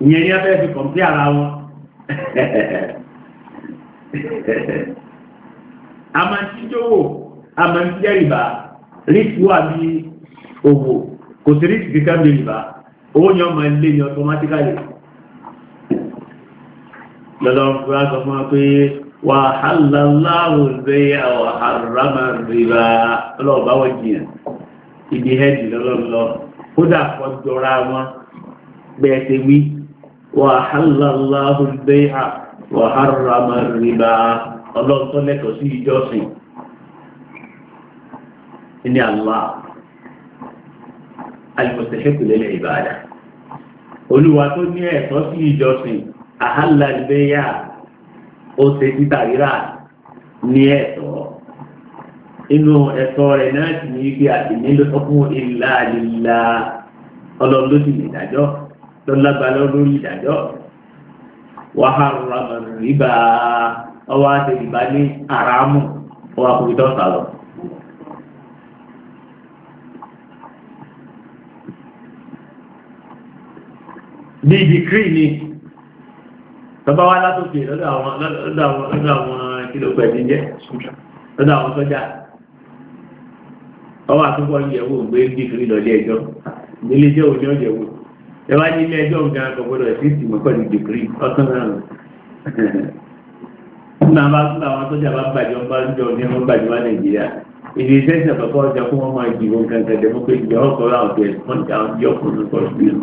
ìyẹn ní abẹ́ fi kọ̀m̀pí ara wọn amantijowo amantijariba rísì wà bí owó kò sí rísì kíkà bí rìbá owó ni ọmọ ilé ni automatically lọ́lọ́run fúra sọ fún wa pé wà hàlàláwò zẹ́yà wà hàrámà rìbá ọlọ́ọ̀bá wọ́n jìyàn ibi hẹ́ẹ̀dì lọ́lọ́lọ́ kódà kọ́ jọra wọn bẹ́ẹ̀ ṣe wí wa halallahu al-bay'a wa harrama ar-riba ọlọ́run tó lẹ́tọ̀ọ́ sí ìjọsìn ní Allah al-mustahiqu lil-ibada tó ní ẹ̀tọ́ sí ìjọsìn ahalla al-bay'a ó ṣe títà rírà ní ẹ̀tọ́ inú ẹ̀tọ́ rẹ̀ náà sì ní ibi àtìní ló tọ́kún ìlà àlìlà ọlọ́run ló sì ní ìdájọ́ ló lágbára lórí ìdájọ́ wàhálà rìbá ọwọ́ àti rìbá ní àràmù ọwọ́ àkùnrin tó ń sàlọ̀. dìkírì ni tọba wá látòkè lọ́dọ̀ àwọn lọ́dọ̀ àwọn jẹ́ lọ́dọ̀ àwọn sọ́jà ọwọ́ àtúbọ̀ ìyẹ̀wò gbé dìgírí lọ́lé ẹjọ́ nílé jẹ́ òní ọ̀yẹ̀wò ẹ wá ní ilé ẹjọ́ nǹkan àkọ́gbọ́dọ̀ ẹ̀ fíìsì mọ́ pẹ̀lú dìgírí ọ̀sán náà lọ. nínú àwọn akúnlẹ̀ àwọn sójà bá bàjẹ́ wọn bá ń jọ ní wọn bàjẹ́ wá nàìjíríà ìdí iṣẹ́ ìṣàkọ́kọ́ ọjà fún wọn máa jìbò nǹkan kan dẹ́mọ́ pé ìjọ ọkọ̀ láwùjọ ìpọ́njà ọkùnrin kọ̀ọ̀sùn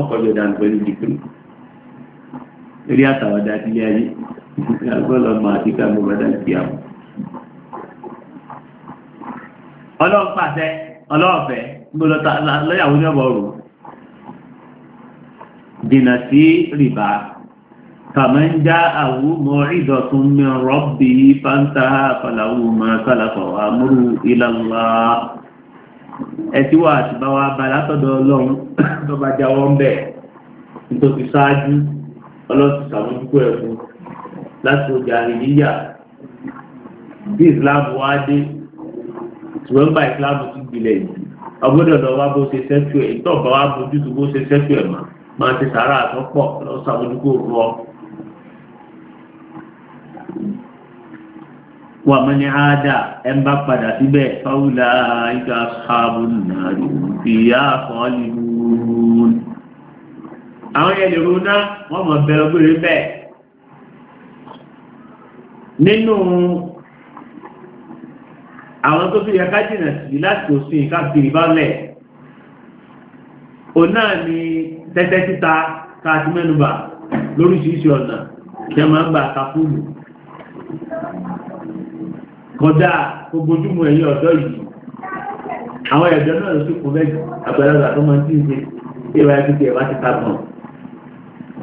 ọkọ̀ yọ̀dà pẹ̀lú dìgírí eré àtàwọ̀dà ilé ayé àgbọ̀lọ̀ máa ti ká mọ́ bàdà ìyàwó. ọlọ́run pàṣẹ ọlọ́ọ̀fẹ́ gbọ́dọ̀ lọ́yàwó ní ọ̀bọ̀ rò dènà sí rìbá kàmẹ́ńdà àwù mọ́ ìdọ̀tún mi rọ́bì fanta fàlàwù mọ́ sálàfọ̀ àmúrù ìlàlá ẹtí wà àti bá wa bá látọ̀dọ̀ ọlọ́run tó bá jáwọ́ ń bẹ̀ nítorí ṣáájú ọlọ́sùn sàmójúkú ẹ̀kú láti ọjà àríyíyà bí Islam wá dé ṣùgbọ́n gba ìsìláàmù ti gbilẹ̀ yìí ọgbọ́dọ̀ lọ wá bó ṣe sẹ́fù ẹ̀ ìtọ́ bá wá bójú tó bó ṣe sẹ́fù ẹ̀ mà máa ti sàárà àtọ́pọ̀ lọ́sàmójúkò rọ. wà mọ́ ní àádá ẹ̀ ń bá padà síbẹ̀ fáwùlà ìgbà sáàbù náà ìyá àkọọ́lì rúurún. àwọn yẹn lè ronú wọ́n mọ̀ bẹ́ẹ̀ ọgbẹ́rẹ́ bẹ́ẹ̀ nínú àwọn tó fi yẹ ká jìnà sí láti òsìn ká fi ìbálẹ̀ o náà ni tẹ́tẹ́ títa ká ti mẹ́nubà lóríṣiríṣi ọ̀nà kí a máa ń gbà kàfúlù kọjá gbogbojúmọ̀ ẹ̀yìn ọ̀dọ́ yìí àwọn ẹ̀dọ́ náà ló sì kún bẹ́ẹ̀ àgbàlagbà tó máa ń tíì ṣe tí ìwà ẹ̀kú ti ẹ̀wá ti ta gan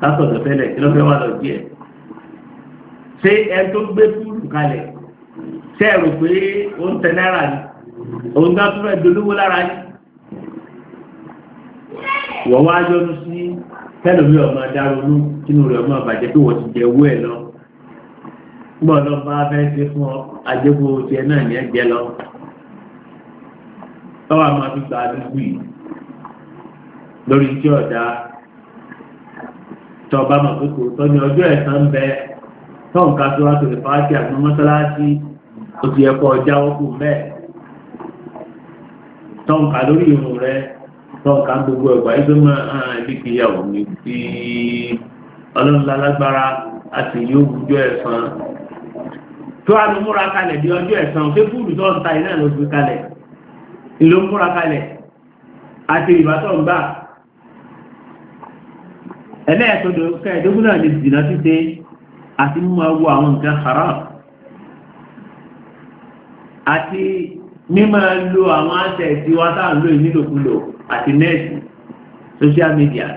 látọ̀dọ̀ tẹ́lẹ̀ kí ló fẹ́ wà lọ díẹ̀ ṣé ẹ tó gbé fúlù kalẹ̀ ṣe rò pé ó ń tẹ náírà ni òun náà tún fẹ́ dolówó lára yìí wọ́n wá yọnu sí tẹ́lómi ọmọ adáronú kínú rẹ̀ ọmọ àbàjẹ́ pé wọ́n jẹ owó ẹ̀ lọ gbọ́n lọ bá fẹ́ fún ajẹ́gbó tiẹ̀ náà lọ tọ́wọ́ fi gba àdúgbò yìí lórí tí tọba mọ̀ tọ́ ní ọjọ́ bẹ tọ́ǹkà tó wá tó lè fàájì àgbọ̀n ó ti ẹ̀kọ́ jáwọ́ kù mẹ́ẹ̀ tọ́ǹkà lórí irun rẹ tọ́ǹkà gbogbo ẹ̀gbà ẹgbẹ́ mọ́ ẹ̀lẹ́kì ìyàwó mi tí ọlọ́run lálágbára a sì yóò gbújọ́ ẹ̀san tó a ló múra kalẹ̀ di ọjọ́ ẹ̀san pé fúùdù tó ń ta iná ló fi kalẹ̀ ló múra kalẹ̀ àti ìbátan gbà ẹlẹ́ẹ̀tọ́dọ̀ kẹ́ẹ̀dógún náà lè dìnnà títẹ àti mú àwọn nǹkan haram àti mímọ̀ lo àwọn àṣẹ tí wá sáà lò nílòkulò àti nẹ́ẹ̀sì social media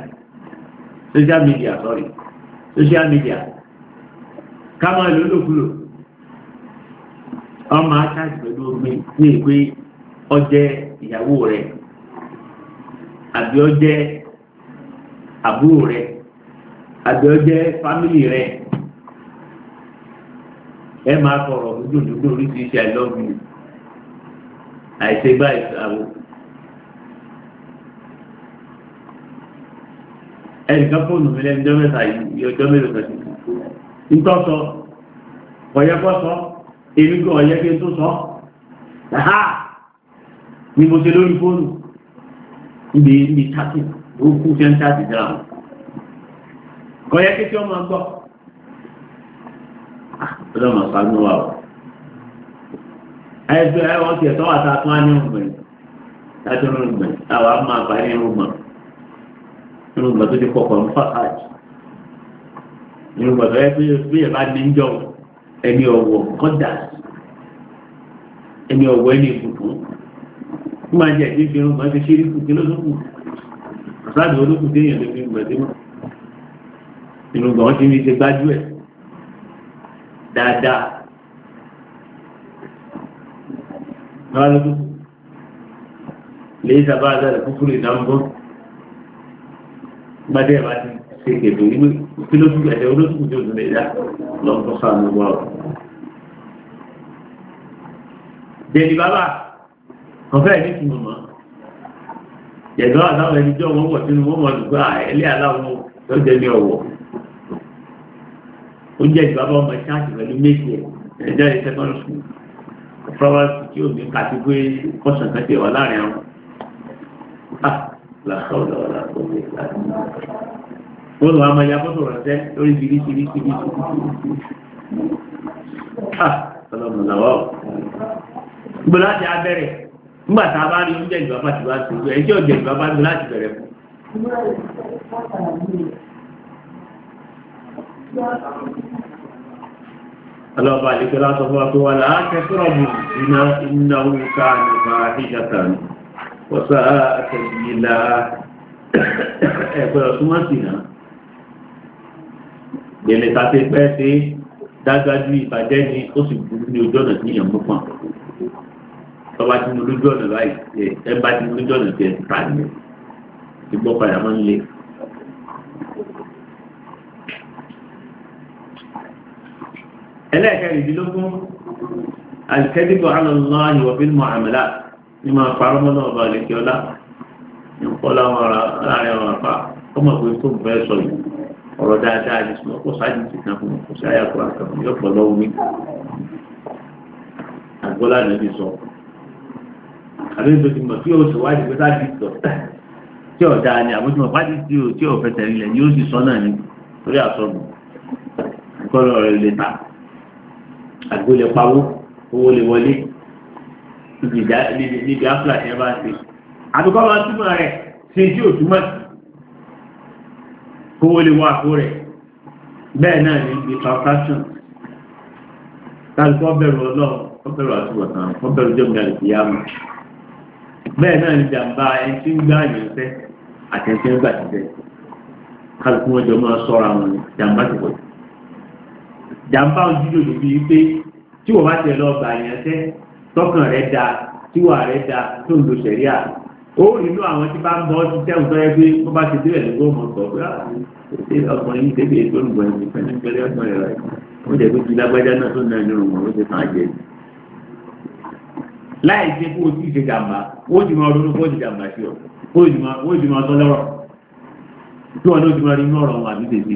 social media sorry social media ká máa ọ ọmọ àṣàṣì pẹ̀lú omi ní ìpé ọjẹ́ ìyàwó rẹ̀ àbí ọjẹ́ àbúrò rẹ̀ àbí ọjẹ́ fámìlì rẹ̀ ẹ máa sọ̀rọ̀ dúdú dúdú oríṣiríṣi i love you àìṣe gbá ìṣàwò. ẹnìkan fóònù mi lẹ́nu dọ́mẹ́ta yìí ọjọ́ mélòó kan ti nítọ́ sọ ọ̀yẹ́ kọ́ sọ èmi kọ́ ọ̀yẹ́ kí n tó sọ ni mo ṣe lórí fóònù ibi ibi tàkì ó kú ṣe ń tàkì dáa kọ́yẹ́ kí tí ọmọ gbọ́ ọlọ́mọ sánú wa o ẹgbẹ́ ẹwọ́n tiẹ̀ tọ́wọ́ ta tún á ní ọgbẹ̀ láti ọ̀rọ̀ ọgbẹ̀ táwa máa bá ní ọgbọ̀n nínú ọgbà tó ti kọ̀kọ̀ ń fà áàjì nínú ọgbà tó yẹ pé bí ẹ bá ní ń jọ ẹni ọ̀wọ̀ kọ́dà ẹni ọ̀wọ̀ ẹni ìbùkún kí máa jẹ ìdí fi ọgbà ti ṣírí kù kí ló lókù àtàdé olókùn téèyàn ló fi ń gbẹ̀dé mọ́ nínú ọgbà wọn ti ní ti gbájú ẹ̀ dáadáa lọ́wọ́lọ́dún lèyí sábà dáadáa kúkúrú ìdánwò gbadé ẹ̀ bá ti ṣe kèdò ìwé kílódù ẹ̀dẹ̀ olóṣù tó dùn lẹ́yà lọ́kọ́ sàánú wọ́ọ̀. dèlì bàbá ọ̀fẹ́ ẹ̀ ní kí mọ̀mọ́ yẹ̀dọ́ àtàwọn ẹni tí ọmọ wọ̀ sínú wọ́n mọ̀ lùgbà ẹ̀lẹ́ aláwọ̀ tó jẹ́ ní ọ̀wọ̀ oúnjẹ ìgbàgbọ́ ọmọ ṣáàtì pẹ̀lú méjì ẹ̀jẹ̀ ẹ̀jẹ̀ secondary school flowers tí omi kàti pé kọ́sàn kan ti wà láàrin àwọn làkọ́ọ̀lọ́ ah, làkọ́ọ̀lọ́ wọ́n lọ àmọ́ ya fọ́tò ránṣẹ́ lórí bìrìsìrìsìrì ọlọ́mọlàwọ́ gbọ́dọ̀ láti abẹ́rẹ́ nígbà tá a bá rí oúnjẹ ìgbàgbọ́ àti bá ti gbé ẹjẹ́ ọ̀jẹ̀ ìgbàgbọ́ àti láti bẹ̀rẹ̀ fún Thank you ọlọ́ọ̀bá àdìgbẹ́ látọ̀ fún wa pé wà láàkẹ́ sọ́rọ̀mù iná iná òǹkà nípa ìjàtà ní wọ́sà àtẹ̀yìnlá ẹ̀gbọ́dọ̀ túmọ̀ sí náà gbèlè tàbí pẹ́ sí dágbájú ìbàjẹ́ ni ó sì burú ní ojú ọ̀nà tí èèyàn mú pọ̀n tí mo lójú ọ̀nà báyìí ẹ bá ti mo lójú ọ̀nà tí ẹ ti ta ìgbọ́ padà máa ń le ألا كان يدلكم الكذب على الله وفي المعاملات لما فرمنا وبالك يولا يقول أمر آية ورفع كما قلتم فيصل ورداء تاجس مقص عجل تتنفم مقص آية ورفع يقف لومي أقول أنا نبي صوت أريد أن يكون سواجه بتاجي صوت tí ọ̀dá ni àbújúmọ̀ pàdé tí ò tí ò fẹsẹ̀ ilẹ̀ yóò sì sọ náà ni torí àsọ̀nù ìkọlọ̀ rẹ̀ lè ta. àgbo lè pawó owó lè wọlé níbi áfúlà tí ẹ bá ṣe àtúkọ́ máa túmọ̀ rẹ̀ ṣe tí ò túmọ̀ kówó lè wọ àpò rẹ̀ bẹ́ẹ̀ náà ní ibi transaction tàbíkọ́ bẹ̀rù ọlọ́run kọ́ bẹ̀rù àtúbọ̀tán kọ́ bẹ̀rù jọ́mìnà lè fi yá mọ̀ bẹ́ẹ̀ náà ní jàǹbá ẹni tí ń gbá àyàn fẹ́ àtẹ̀sẹ̀ ń gbà ti bẹ̀ kálukú wọn jọ máa sọ́ra wọn jàǹbá ti pọ̀ jàǹbá ojúlò ló fi pé tí wọ́n bá tẹ̀ lọ gbà yẹn sẹ́ tọkàn rẹ̀ da tíwà rẹ̀ da tó ń lo sẹ̀ríà ó nínú àwọn tí bá ń bọ́ ti tẹ́ òótọ́ yẹ pé wọ́n bá ti débẹ̀ lọ́gbọ́ ọmọ sọ pé ah, ọkùnrin yìí tẹ́bi ètò ìbọn ẹ̀sìn pẹ̀lú pẹ̀lú ọ̀sán rẹ̀ rẹ̀ ó jẹ́ pé ìlágbájá náà tó náà nínú wọn ló ti kàn á jẹ láì jẹ́ kó o ti ṣe jàǹbá ó ti máa ronú kó o ti jàǹbá sí ọ ó ti máa tọ́ lọ́rọ̀ tí wọn ló ti máa rí inú ọ̀rọ̀ wọn àbí tètè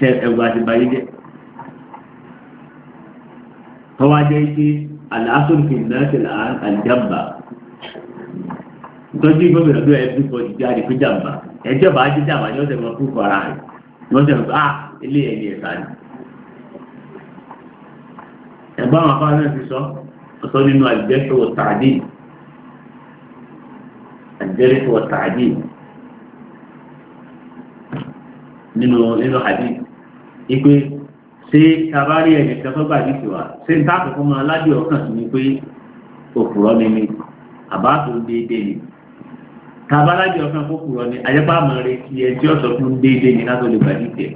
ṣe ẹ̀wù àti báyé jẹ́ tọ́wá jẹ́ pé àlàáfíà ìnáṣẹ́ àjàmbá ìtọ́jú gómìnà tó ẹ̀ fún ìfọ̀dí jáde fún jàmbá ẹjọ́ bá jẹ́ jàmbá ni wọ́n tẹ̀ wọ́n fún kọ́ra rẹ̀ wọ́n tẹ̀ wọ́n fún ah ilé ẹ̀ ní ẹ̀ka ni. ẹ̀gbọ́n àwọn afárá náà ti sọ ọ̀sọ́ nínú àjẹsọ̀ wọ̀ tàdí àjẹsọ̀ nínú nínú àdí ipe tí tabari ẹ̀yẹ̀ kẹfọ́gbà yìí ti wà ṣé n táàkù fún máa ládìí ọ̀kan sí ni pé òpùrọ̀ ni mi àbá tó déédé ni tabaládìí ọ̀kan fún òpùrọ̀ ni ayẹ́pá máa retí ẹ tí ọ̀sọ̀ fún déédé ni látọ̀ lè gbà nìkẹ́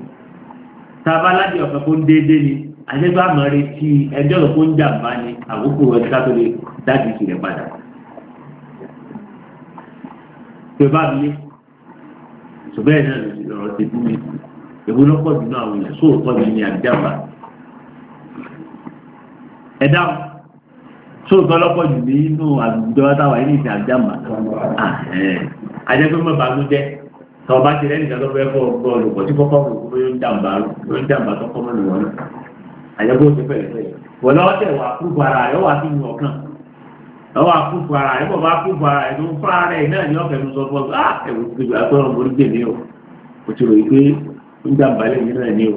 tabaládìí ọ̀kan fún déédé ni ayẹ́pá máa retí ẹjọ́ lọ fún jàmbá ni àkókò ẹ tí látọ̀ lè dájú ìṣẹ̀lẹ̀ padà. tó bá mi yé tó bẹ́ẹ̀ náà lọ́rọ̀ ti dún mi èwo ló pọ̀ jù náà àwọn èèyàn sóòótọ́ mi ni àdìjàmbá ẹ dáhùn sóòótọ́ lọ́pọ̀ jù nínú àwùjọ táwa yìí ní àdìjàmbá ajẹ́pẹ́ mọ́ bàánújẹ́ tọ́ bá ti rẹ́ nìkan tó fẹ́ fọ́ ọgbọ́ olùkọ́ tí kọ́kọ́ olùkọ́ bó yóò ń jàmbá ló ń jàmbá tó kọ́ mọ́ nìwọ̀n náà àjẹ́pẹ́ ó ti fẹ́rẹ̀ fẹ́rẹ̀ wọ́n lọ́wọ́ tẹ̀ wà kúrú ara rẹ̀ wà sí ìwọ̀n kan bọ̀ bá akúfù ara rẹ̀ tó ń fún ara rẹ̀ náà ní ọ̀fẹ́ mi sọ fún ọ ah, nígbà balẹ̀ yìí náà ni o.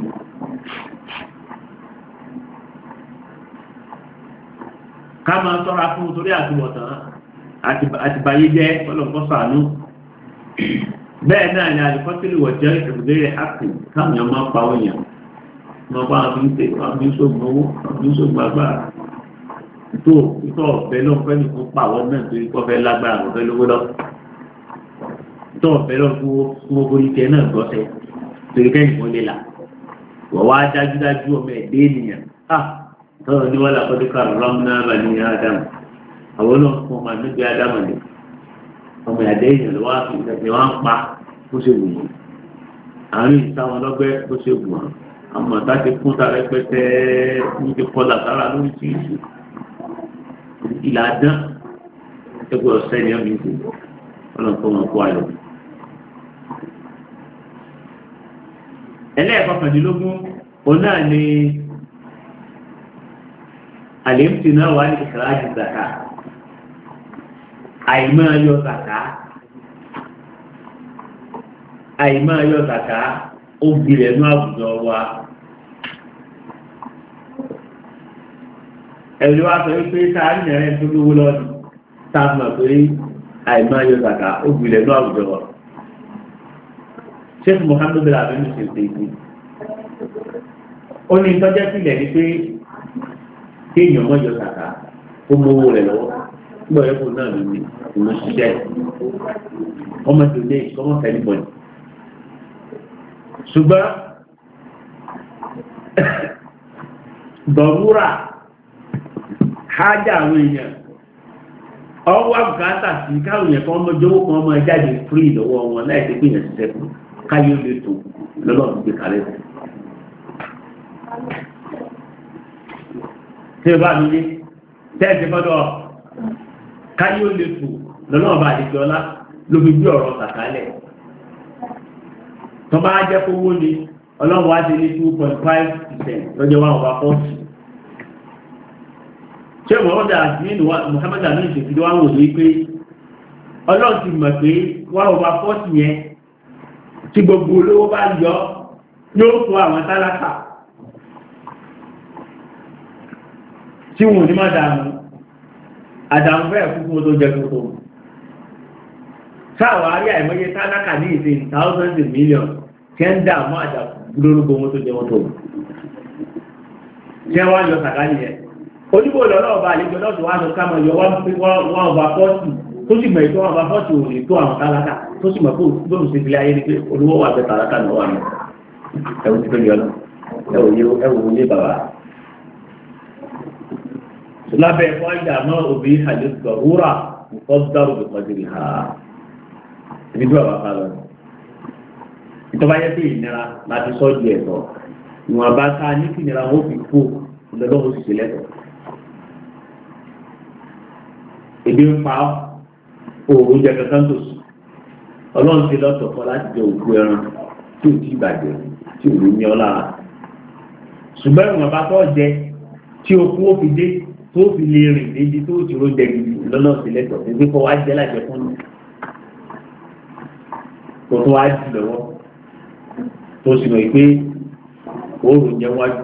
ká máa sọ́ra fún un torí àtúbọ̀tán àtìbáyé jẹ́ ọlọ́pọ̀ sànú. bẹ́ẹ̀ náà ni àlùfọ́sílì wọ̀ jẹ́ ìṣègùdérè àpè káwọn èèyàn máa pa òyìn wọn bá wọn fi ń tè wọn fi ń sóògùn owó wọn fi ń sóògùn agbára tó ìtọ́ ọ̀fẹ́ lọ́n fẹ́ nìkan pa àwọn náà torí kọ́ fẹ́ lágbára àwọn fẹ́ náà gbọ́sẹ̀ torí kẹ́yìn wọn lè là wọ́n wá dájúdájú ọmọ ẹ̀dẹ́ ènìyàn tọ́lọ̀ ní wọ́n làkọ́dé kàrọ̀ rọ́mùnà bàní ádámù àwọn náà fún ọmọ níbi ádámù ni ọmọ ẹ̀dẹ́ ènìyàn ló wá fi ìtẹ̀sẹ̀ wọn pa bó ṣe wù wọ́n àárín ìtàwọn lọ́gbẹ́ bó ṣe wù wọ́n àmọ́ ọ̀tá ti kún ta rẹpẹtẹ ní kọlà sára lórí tí ìṣù ìlàdán ẹgbẹ́ ọ̀sẹ́ ni ọ̀mí ẹlẹ́ẹ̀kọ́kàndínlógún òun náà ni àlèmtì náà wà ní ìṣàlájì zaka àìmọ́ ayọ́ zaka àìmọ́ ayọ́ zaka ó gbilẹ̀ ní àwùjọ wa ẹ̀rí wa sọ wípé ta ní ẹ̀rẹ́ tó lówó lọ́dún tá a pé àìmọ́ ayọ́ zaka ó gbilẹ̀ ní àwùjọ wa sheikh muhammad bin abdul ṣe ṣe ṣe ó ní tọ́jẹ́ sílẹ̀ ni pé kéèyàn mọ́jọ kàkà ó mówó rẹ̀ lọ́wọ́ nígbà yẹn kó náà ló ní ìmọ̀ ṣiṣẹ́ ọmọ tó lé ọmọ fẹ́ẹ́ bọ̀ ṣùgbọ́n dọ̀wúrà hájà àwọn èèyàn ọwọ́ àbùkátà sí káwọn èèyàn kan mọ́jọ́wọ́ kan mọ́ jáde fúrí ìlọ́wọ́ wọn láì káyé lè tó lọ́lọ́run gbé kalẹ̀ fún. tí bá mi ní tẹ́ẹ̀sì mọ́tọ́ káyé lè tó lọ́lọ́run bá àdìgbò ọlá ló fi gbé ọ̀rọ̀ kàkálẹ̀. tọ́ba kówó ni ọlọ́run adị ní two point five percent lọ́jọ́ wa wà ṣé aminu aminu wa wò ní pé ọlọ́run ti mọ̀ pé wà yẹn. tí gbogbo olówó bá yọ yóò fún àwọn tálákà tí wọn ní má dààmú àdàmú bẹ́ẹ̀ fún fún tó jẹ tuntun sáà wàá rí àìmọye tálákà ní ìsìn thousands and millions tí ń dààmú àdàmú lórúkọ wọn tó jẹ wọn tó tí wọn yọ sàkáyì yẹn onígbò lọ́rọ̀ ọba àlejò lọ́sùn wa sọ ká máa yọ wọn ọba fọ́ọ̀tì tó sì mọ̀ ètò ọba fọ́ọ̀tì ò lè tó àwọn tálákà tó sì mọ̀ fún gbọ́dọ̀ sí ilé ayé ni pé olówó wà bẹ́ẹ̀ tààràtà ní wà ní ẹ̀wù ti tóbi ọ̀nà ẹ̀wù ilé bàbá. lábẹ́ ẹ̀kọ́ ìjà náà òbí àdéhùn wúrà nǹkan dárò bí kọ́dìrì ha ibi tí bàbá fa lọ. ìtọ́ba yẹ pé ìnira láti sọ́ọ̀dì ẹ̀tọ́ ìwọ̀n bá ta ní kí ìnira wọn fi kú lọ́lọ́wọ́ sì ń pa òòrùn jẹ kankan tó sùn ọlọ́run ti lọ́tọ̀ kọ́ láti jẹ òkú ẹran tí ò tí bàjẹ́ tí ò ní ọ lára ṣùgbọ́n ìwọ̀n bá tọ́ jẹ tí okú ó fi dé tó fi lè rìn débi tó ti ró dẹbi lọ́nà ìsìlẹ̀tọ̀ ẹgbẹ́ kọ́ wá jẹ́ lájẹ fún mi kó tó wá jù lọ́wọ́ tó sì mọ̀ pé oòrùn jẹ́ wájú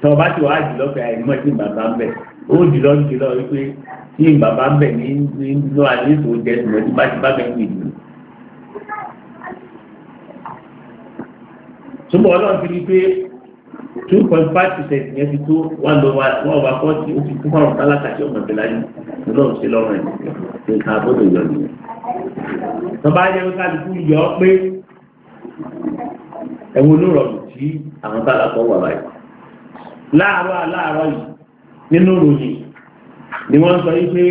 tọ́ bá ti wá jù lọ́fẹ̀ẹ́ àìmọ́ sí bàbá ń bẹ̀rẹ̀ ó dìlọ́ dìlọ́ wípé tí bàbá bẹ̀ ní nínú àdéhùn oúnjẹ ìwọ̀n tí bá ti bá bẹ̀ ní ìlú. túbọ̀ ọlọ́run ti rí pé two point five percent yẹn ti tó one over one over forty ó ti kú fáwọn tálákà tí ọmọ ìbílẹ̀ yìí ọlọ́run ṣe lọ́rùn ẹ̀ ní ká gbọ́dọ̀ yọ nìyẹn. tọ́ba jẹ́ pé káàdùkú yọ ọ́ pé ẹ̀wọ̀n olórọ̀lù tí àwọn tálákọ̀ wà báyìí. láàárọ̀ aláàárọ̀ yìí nínú ròyìn ni wọ́n sọ wípé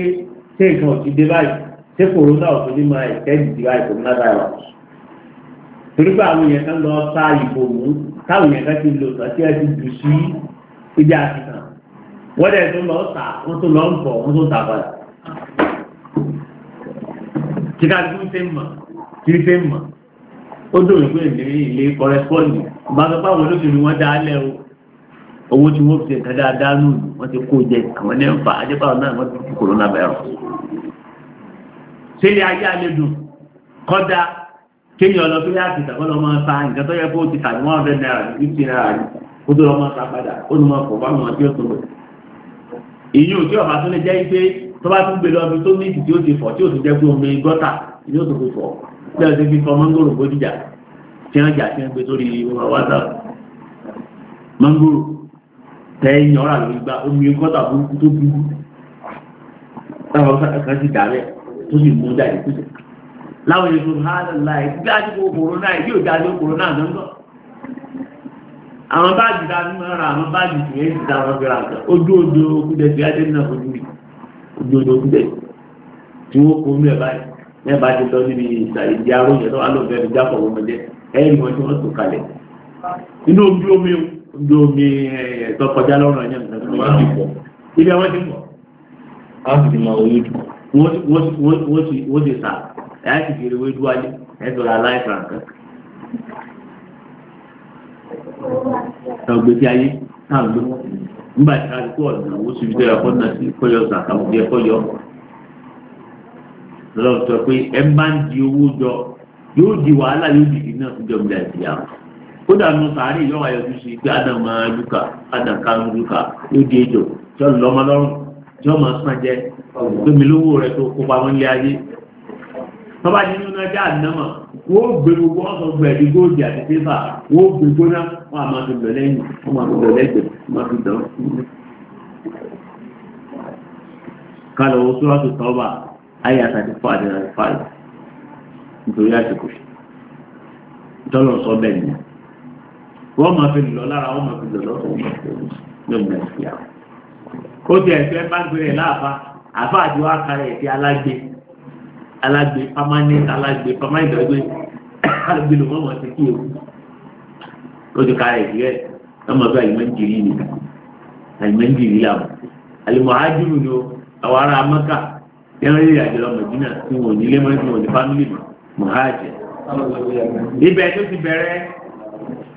ṣé nǹkan ò ti dé báyìí ṣé kòrónà ò tó ní máa ẹ̀kẹ́ ìdí báyìí kòrónà virus torí pé àwọn èèyàn kan lọ sa ìbò mú táwọn èèyàn kan ti lò sọ sí ẹtì jù sí ibi àtìkàn wọ́n dẹ̀ tó lọ sà wọ́n tó lọ ń bọ̀ wọ́n tó sà padà kíkàdúró ṣe ń mọ̀ kí ṣe ń mọ̀ ó dòwìn pé ìlérí ilé kọrẹspọ́ndì bá sọ pé àwọn olóṣèlú wọn dá lẹ́rù owó tí wọ́n fi ẹ̀ka dáadáa nù wọ́n ti kó jẹ àwọn ní ẹ̀fà ajẹ́pàá náà wọ́n ti fi kòrónà bẹ̀rọ̀. ṣé ilé ayé àlejò kọ́dà kéèyàn ọlọ tó yá àtìsà kọ́ lọ́mọ ta nǹkan tó yẹ kó ti tà ní one hundred naira ní fifty naira ní kó tó lọ́mọ ta padà ó ní wọn kò bá wọn tí ó tó lọ. ìyún tí ọba tó lè jẹ́ pé tó bá tún gbé lọ bí tó ní ìdí tí ó ti fọ̀ tí ó ti jẹ́ pé omi gọ́tà ìdí ó tẹ́yìn ọ̀rà lórí gba omi kọ́tà burúkú tó burú táwọn kan ti dàrẹ́ tó sì mú jáde kúrò láwọn èso hàn láì gbé àdúgbò kòrónà yìí yóò dájú kòrónà lọ́nà àwọn báàgì ta ní mọ́ra àwọn báàgì tí yẹn ti ta ojú ojú adé náà fojú ojú ojú tí kó báyìí ti lọ níbi ìdí bí omi eh, ẹ̀tọ́ kọjá lọ́rùn ayé náà nígbà tí a ti kó ọ̀nà owó síbi tó yẹ náà sí kọ́yọ̀ sàkàwọ̀ bí ẹ pé ẹ ń di kódà nù sàárè yọ àyọ̀jú sí pé àdàmà lùkà àdàkà lùkà ló di tí ó lọ́mọ lọ́rùn tí ó máa sàn jẹ tómi lówó rẹ tó kópa wọn lé ayé tọ́ba ní nínú ẹja àdámọ̀ wọ́n gbé gbogbo ọ̀sán gbẹ̀ ní góòdì àti pépà wọ́n gbé gbóná wọn fi lẹ́yìn máa fi lẹ́gbẹ̀ẹ́ máa fi dán. kálọ̀ tọ́ba ayé wọ́n máa fi lọ lára wọ́n máa fi lọ lọ́sọ̀ lọ́mọ ìfìyà ó ti ẹ̀fẹ́ bá gbé rẹ̀ láàfá àfá àti wá kárẹ̀ ẹ̀fẹ́ alágbe alágbe permanent alágbe permanent ọgbẹ́ alágbe ló mọ̀ sí kí ewu ó ti kárẹ̀ ẹ̀fẹ́ rẹ̀ ọmọ bí alimẹ́ntìrì ni alimẹ́ntìrì làwọn alimọ̀ ájúlù ni ó àwọn ará amáka yẹn rí ìrìnàjò lọ Mẹdínà tí wọn ò ní lé mọ́ tí wọn ò ní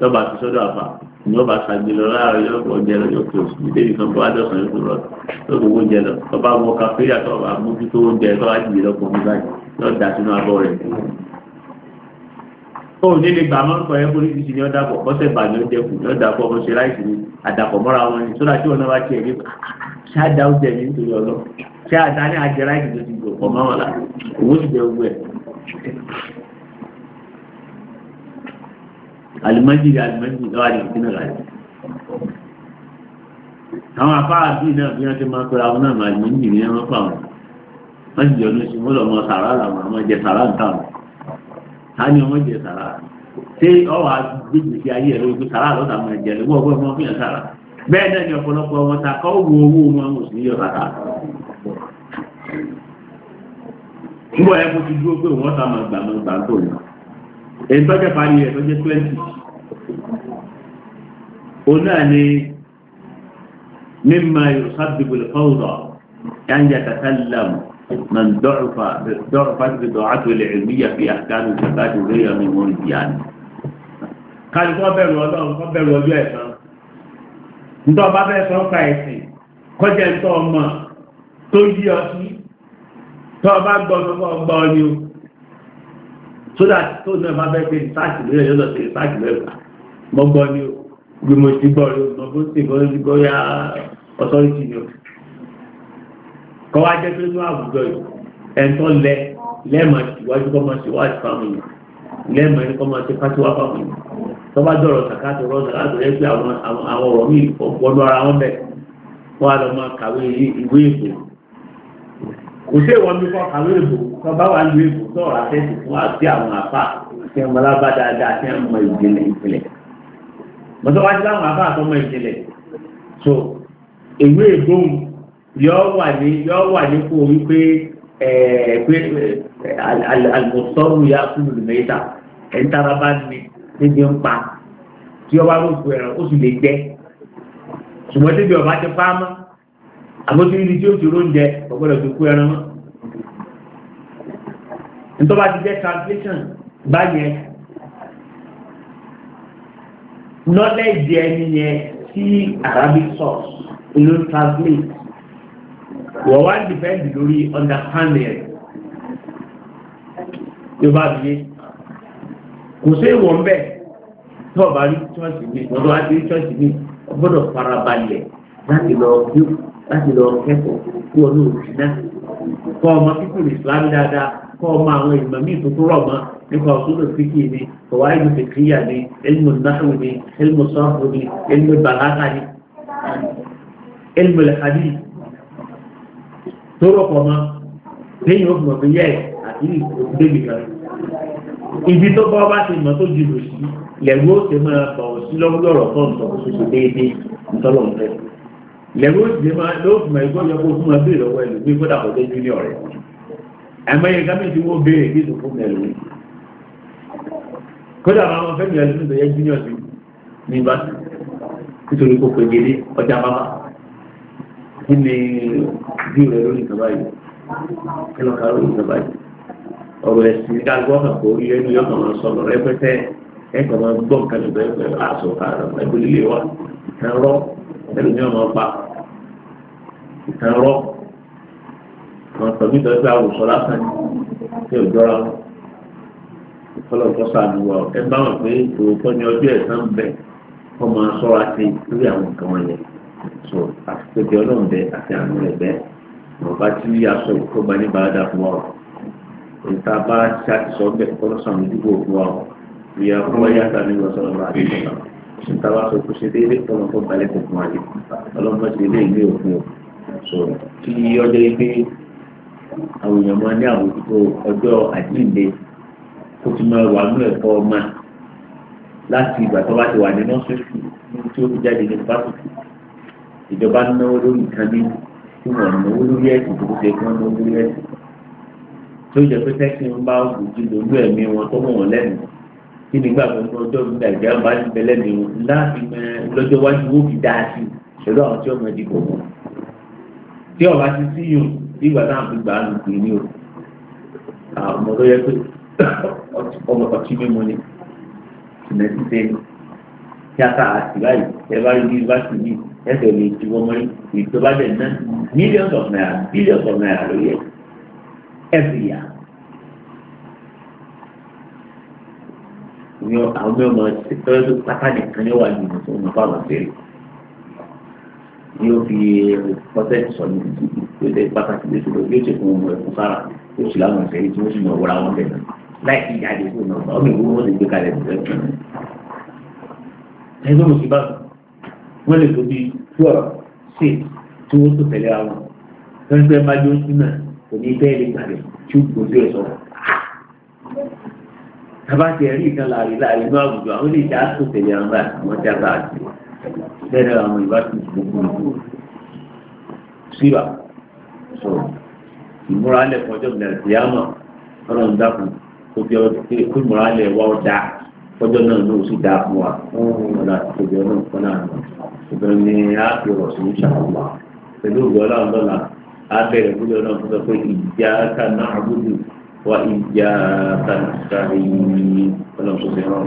lọ́ba ti sọ́dọ̀ àfà ní ọba sàgbé lọ láàárọ̀ yóò kọ́ jẹ lọ yóò kó oṣù ní débi kan bó wá dọ̀sán yóò kó lọ yóò kó oúnjẹ lọ ọba wọ káfé yàtọ̀ ọba mójútó oúnjẹ tó wá jìbìlọ pọ̀ ní báyìí lọ́ọ́ da sínú abọ́ rẹ̀. ó ní lè gbà máa ń kọ ẹ́ polisi ni ọ̀dà pọ̀ bọ́sẹ̀ bà ní oúnjẹ kù ní ọ̀dà pọ̀ ọmọ ṣe láìsí ni àdàpọ̀ alimajiri alimajiri lọ́wọ́ àdìgbò sínú rà jù àwọn afárá bíi náà bí wọ́n ti máa pẹ́ra wọn náà máa ní ìrìn ní wọ́n pa wọn wọ́n sì jọ lóṣù wọ́n lọ mọ sàrà làwọn ọmọ jẹ sàrà ń tà wọn ta ni ọmọ jẹ sàrà ṣé ọwọ́ àgbègbè sí ayé ẹ̀rọ ìgbé sàrà lọ́ta máa jẹ lọ́wọ́ ọgbọ́n ọmọ sàrà bẹ́ẹ̀ náà ni ọ̀pọ̀lọpọ̀ wọn èyí tó jẹ́ parí rẹ̀ tó jẹ́ plenty òun náà ni mímọ ìrùsáàbìbò lè fọ́wọ́dọ̀ yáńjà tàtàlàmù من ضعف ضعفت بضاعته العلمية في أحكام الزكاة وغيرها من مرجيان káàdì kọ́ bẹ̀rù ọlọ́run kọ́ bẹ̀rù ọjọ́ ẹ̀san ntọ́ bá bẹ́ẹ̀ sọ ka ẹ̀sìn kọjá ntọ́ ọmọ tó yí ọtí tọ́ bá gbọ́ ọ sódà tó náà bá bẹ́ pé sáàkì lórí ẹ̀yọ́ lọ́sẹ̀ sáàkì lẹ́gbà mọ́gbọ́ ni ó gbé mo ti gbọ́ rí mọ́gbọ́ sí gbọ́ rí gbọ́ yá ọ̀tọ́rìtì ni ó kọ́ wá jẹ́ pé ní àwùjọ yìí ẹ̀ńtọ́ lẹ lẹ́ẹ̀mọ̀ síwájú kọ́ máa síwájú fáwọn yìí lẹ́ẹ̀mọ̀ ẹni kọ́ máa ṣe fásiwá fáwọn yìí tó bá dọ̀rọ̀ sàkáàtì ọ̀rọ̀ sàkáàtì rẹ̀ pé àwọn ọ̀rọ̀ míì wọnú ara wọn bẹ̀ wọ́n kò sí ìwọ̀n bí kọ́ka ló èbò tó bá wà lu èbò tó ọ̀rọ̀ àtẹ́sì fún àti àwọn àpá tí wọn bá bá dáadáa tí wọn mọ ìjìnlẹ̀ ìpìlẹ̀ mọ́tò wájú láwọn àpá àtọ́ mọ ìjìnlẹ̀ so ìwé ìgbóhùn yọ wà ní yọ wà ní kó wípé pé àlùmọ̀sọ́rù ya kúrò lè mẹ́ta ẹni tára bá ní níbi ń pa tí ọba ló gbẹ̀rẹ̀ ó sì lè jẹ́ ṣùgbọ́n débi ọba ti pa á mọ́ àmójú ìdí tí ó ti róúnjẹ ọgbọ́dọ̀ tó kú ẹran mọ́ nítorí bá ti jẹ́ translation báyẹn knowledge ẹni yẹn sí Arabic source ló ń translate wọ́n wá ń depend lórí understanding rẹ̀ yóò bá fi yé kò sí ìwọ̀n bẹ́ẹ̀ tí ọba rí church mi ọ̀dọ́ àti church mi ọgbọ́dọ̀ farabalẹ̀ láti lọ bí láti lọ kẹ́kọ̀ọ́ kú ọ lóòrùn iná kọ́ ọmọ pípìlì ìsìlámù dáadáa kọ́ ọmọ àwọn ìmọ̀ míì tó tó rọ̀ mọ́ nípa ọ̀túnlò fíkì ni kọ̀wáìdù fìkìyà ni ilmu náhù ni ilmu sọ́ọ̀fù ni ilmu bàlákà ni ilmu lẹ́kàdì tó rọ̀pọ̀ mọ́ lẹ́yìn òfin ọ̀fin yẹ́ àti òkúdébì kan ibi tó bọ́ bá ti mọ̀ tó jù lò lẹ́gbẹ́ ó ti máa bọ̀ sí lọ́wọ́ lọ́rọ̀ tó ń lẹ́rú òsì máa lóòfin máa ikọ́ yọkó fún ma béèrè ọwọ́ ẹlòmí kódà kó déjú ní ọ̀rẹ́ àmọ́yẹ gámẹ́ tí wọ́n béèrè kí ìsòfò mi ẹlòmí kódà máa wọn fẹ́mi júnior sí ní bá nítorí kó pegede ọjà bàbá kí ni bí rẹ lórí ìjọba yìí kí lọ ká lórí ìjọba yìí ọ̀rọ̀ ẹ̀sìn ní kálukú ọkàn kò rí ẹnu yọkàn máa sọ̀rọ̀ rẹpẹtẹ ẹ̀kọ́ máa gbọ́ nǹkan lọ́dọ̀ ẹ̀kọ́ àṣọ àrùn ẹ̀kọ́ líle wa ẹ̀rọ ẹlòmí ọmọ pa ìtàn rọ àwọn tọ̀bí tọ́jú pé àwòsọ lásán tí ò jọra wọn ìfọlọ́ ìfọ́ sàánú wa ẹ bá wọn pé òótọ́ ni ọjọ́ ẹ̀san bẹ wọ́n máa sọ́ra sí lórí àwọn nǹkan wọn yẹn so àfikẹ́bí ọlọ́run bẹ àti àánú rẹ̀ bẹ ọba tí aṣọ ìkọ́gba ní bàdà fún wa ìta bá ṣàtìsọ bẹ kọ́lọ́ sàánú dúpọ̀ fún wa ìyá fún wa yàtà ní ìwọ̀sọ̀rọ̀ bá àbí ìṣọ̀rọ̀ ìta bá sọ kó ṣe déédéé kọ́lọ́ fún balẹ̀ kọ̀ọ̀kan wáyé ọlọ́mọ so tí ọjọ́ ibi àwọn èèyàn máa ní àwòjútó ọjọ́ àjíǹde ó ti máa wà nínú ẹ̀kọ́ ọmọ láti ìgbà tó bá ti wà ní nọ́ọ̀sì tí ó fi jáde ní fásitì ìjọba náwó lórí nǹkan ní tí wọ́n náwó lórí ẹ̀sìn tó ṣe kí wọ́n náwó lórí ẹ̀sìn tó jẹ́ pé sẹ́kìn ń bá òjì lójú ẹ̀mí wọn tó mọ̀ wọ́n lẹ́nu kí nígbà gbogbo ọjọ́ mi dàgbà bá ti bẹ lẹ́nu láti lọ́jọ́ wájú ó fi dáa sí pẹ̀lú àwọn tí ọmọ ìdìbò wọn tí ọba ti sí yùn bí ìgbà náà fi gbà á lùkù ní o ọmọ tó yẹ pé ọmọ ọtí mímu ni ìmọ̀ ti tẹ́ yàtà àti báyìí ẹ bá rí bí bá sì ní ẹsẹ̀ lè ju ọmọ ìjọba dẹ̀ ná millions of naira billions of naira ló yẹ every year. àwọn ọmọ ọmọ ìtọ́jú pátá nìkan yóò wà nínú tó ń bá wọn bẹ̀rẹ̀ yóò fi pọ́tẹ́tì sọ ní yóò tẹ pàtàkì lóṣù tó yóò ṣèkún ọmọ ẹ̀kún sára yóò sì láwọn ìṣẹ́yìn tí wọ́n sì mọ̀ wọ́ra wọn bẹ̀ láì sí ìyá àdínkù náà ọmọ ìwúwo wọn ti gbé kalẹ̀ sílẹ̀ ẹgbẹ́ mùsùlùmá wọ́n lè tóbi twelve six tí wọ́n tó tẹ̀lé ra wọn wọ́n fẹ́ máa jó sí náà kò ní bẹ́ẹ̀ lè gbàgbé tí ó gbòdó ẹ̀ sọ̀rọ̀ tábà rí ìkan láàrin láàrin náà àwùjọ àwọn bẹ́ẹ̀ àwọn ìbátan gbogbo ìlú síra sọ ìmúra alẹ́ fún ọjọ́ ìgbà ìyá mọ̀ ọ̀nà ìdákun kó bí ọ pé kó ìmúra alẹ́ wá ọ dáa fọjọ́ náà ló sì dáa fún wa ọ̀nà àtòjọ́ náà kọ́ náà nù ìbẹ̀rẹ̀ ni a fi rọ̀ sí ìṣàkóso pẹ̀lú ìwé ọlọ́run lọ́la a bẹ̀rẹ̀ fún ọjọ́ náà sọ pé ìjà ká náà àbúrò wa ìjà ká náà sáré ọlọ́run tó fẹ́ràn.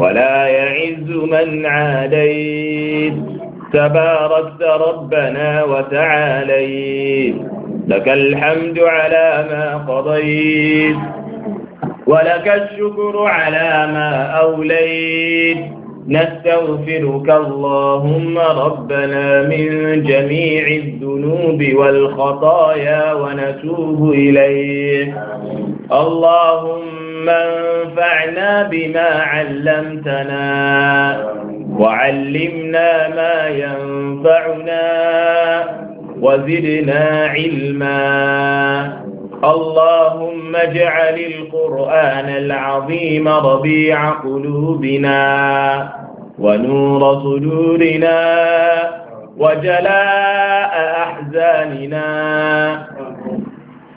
ولا يعز من عاديت تباركت ربنا وتعاليت لك الحمد على ما قضيت ولك الشكر على ما أوليت نستغفرك اللهم ربنا من جميع الذنوب والخطايا ونتوب إليك اللهم وانفعنا بما علمتنا وعلمنا ما ينفعنا وزدنا علما اللهم اجعل القرآن العظيم ربيع قلوبنا ونور صدورنا وجلاء أحزاننا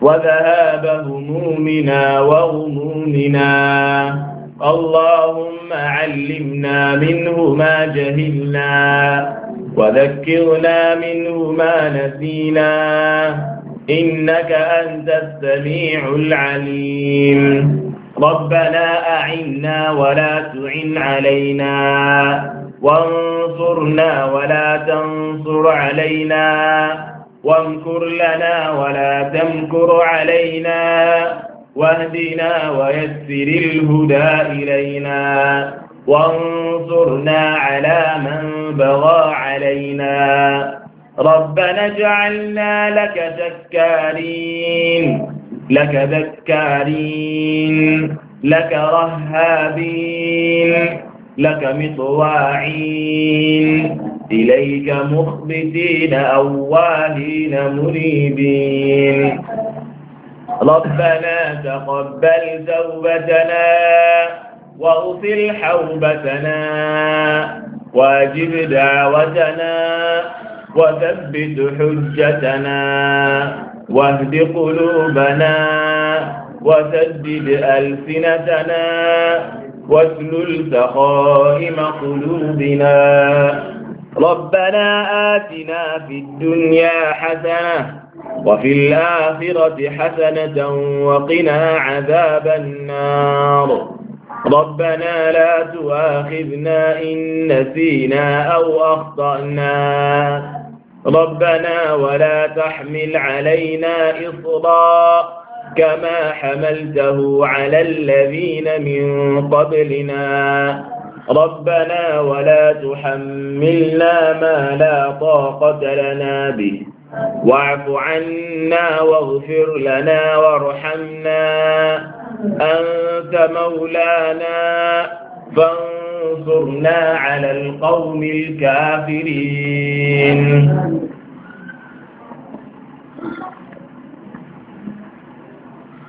وذهاب همومنا وغمومنا اللهم علمنا منه ما جهلنا وذكرنا منه ما نسينا إنك أنت السميع العليم ربنا أعنا ولا تعن علينا وانصرنا ولا تنصر علينا وامكر لنا ولا تمكر علينا واهدنا ويسر الهدى إلينا وانصرنا على من بغى علينا ربنا اجعلنا لك ذكارين لك ذكارين لك رهابين لك مطواعين إليك مخبتين أوالين منيبين ربنا تقبل توبتنا واغفر حوبتنا واجب دعوتنا وثبت حجتنا واهد قلوبنا وسدد ألسنتنا واسلل سخائم قلوبنا ربنا آتنا في الدنيا حسنة وفي الآخرة حسنة وقنا عذاب النار ربنا لا تؤاخذنا إن نسينا أو أخطأنا ربنا ولا تحمل علينا إصرا كما حملته على الذين من قبلنا ربنا ولا تحملنا ما لا طاقة لنا به واعف عنا واغفر لنا وارحمنا أنت مولانا فانصرنا على القوم الكافرين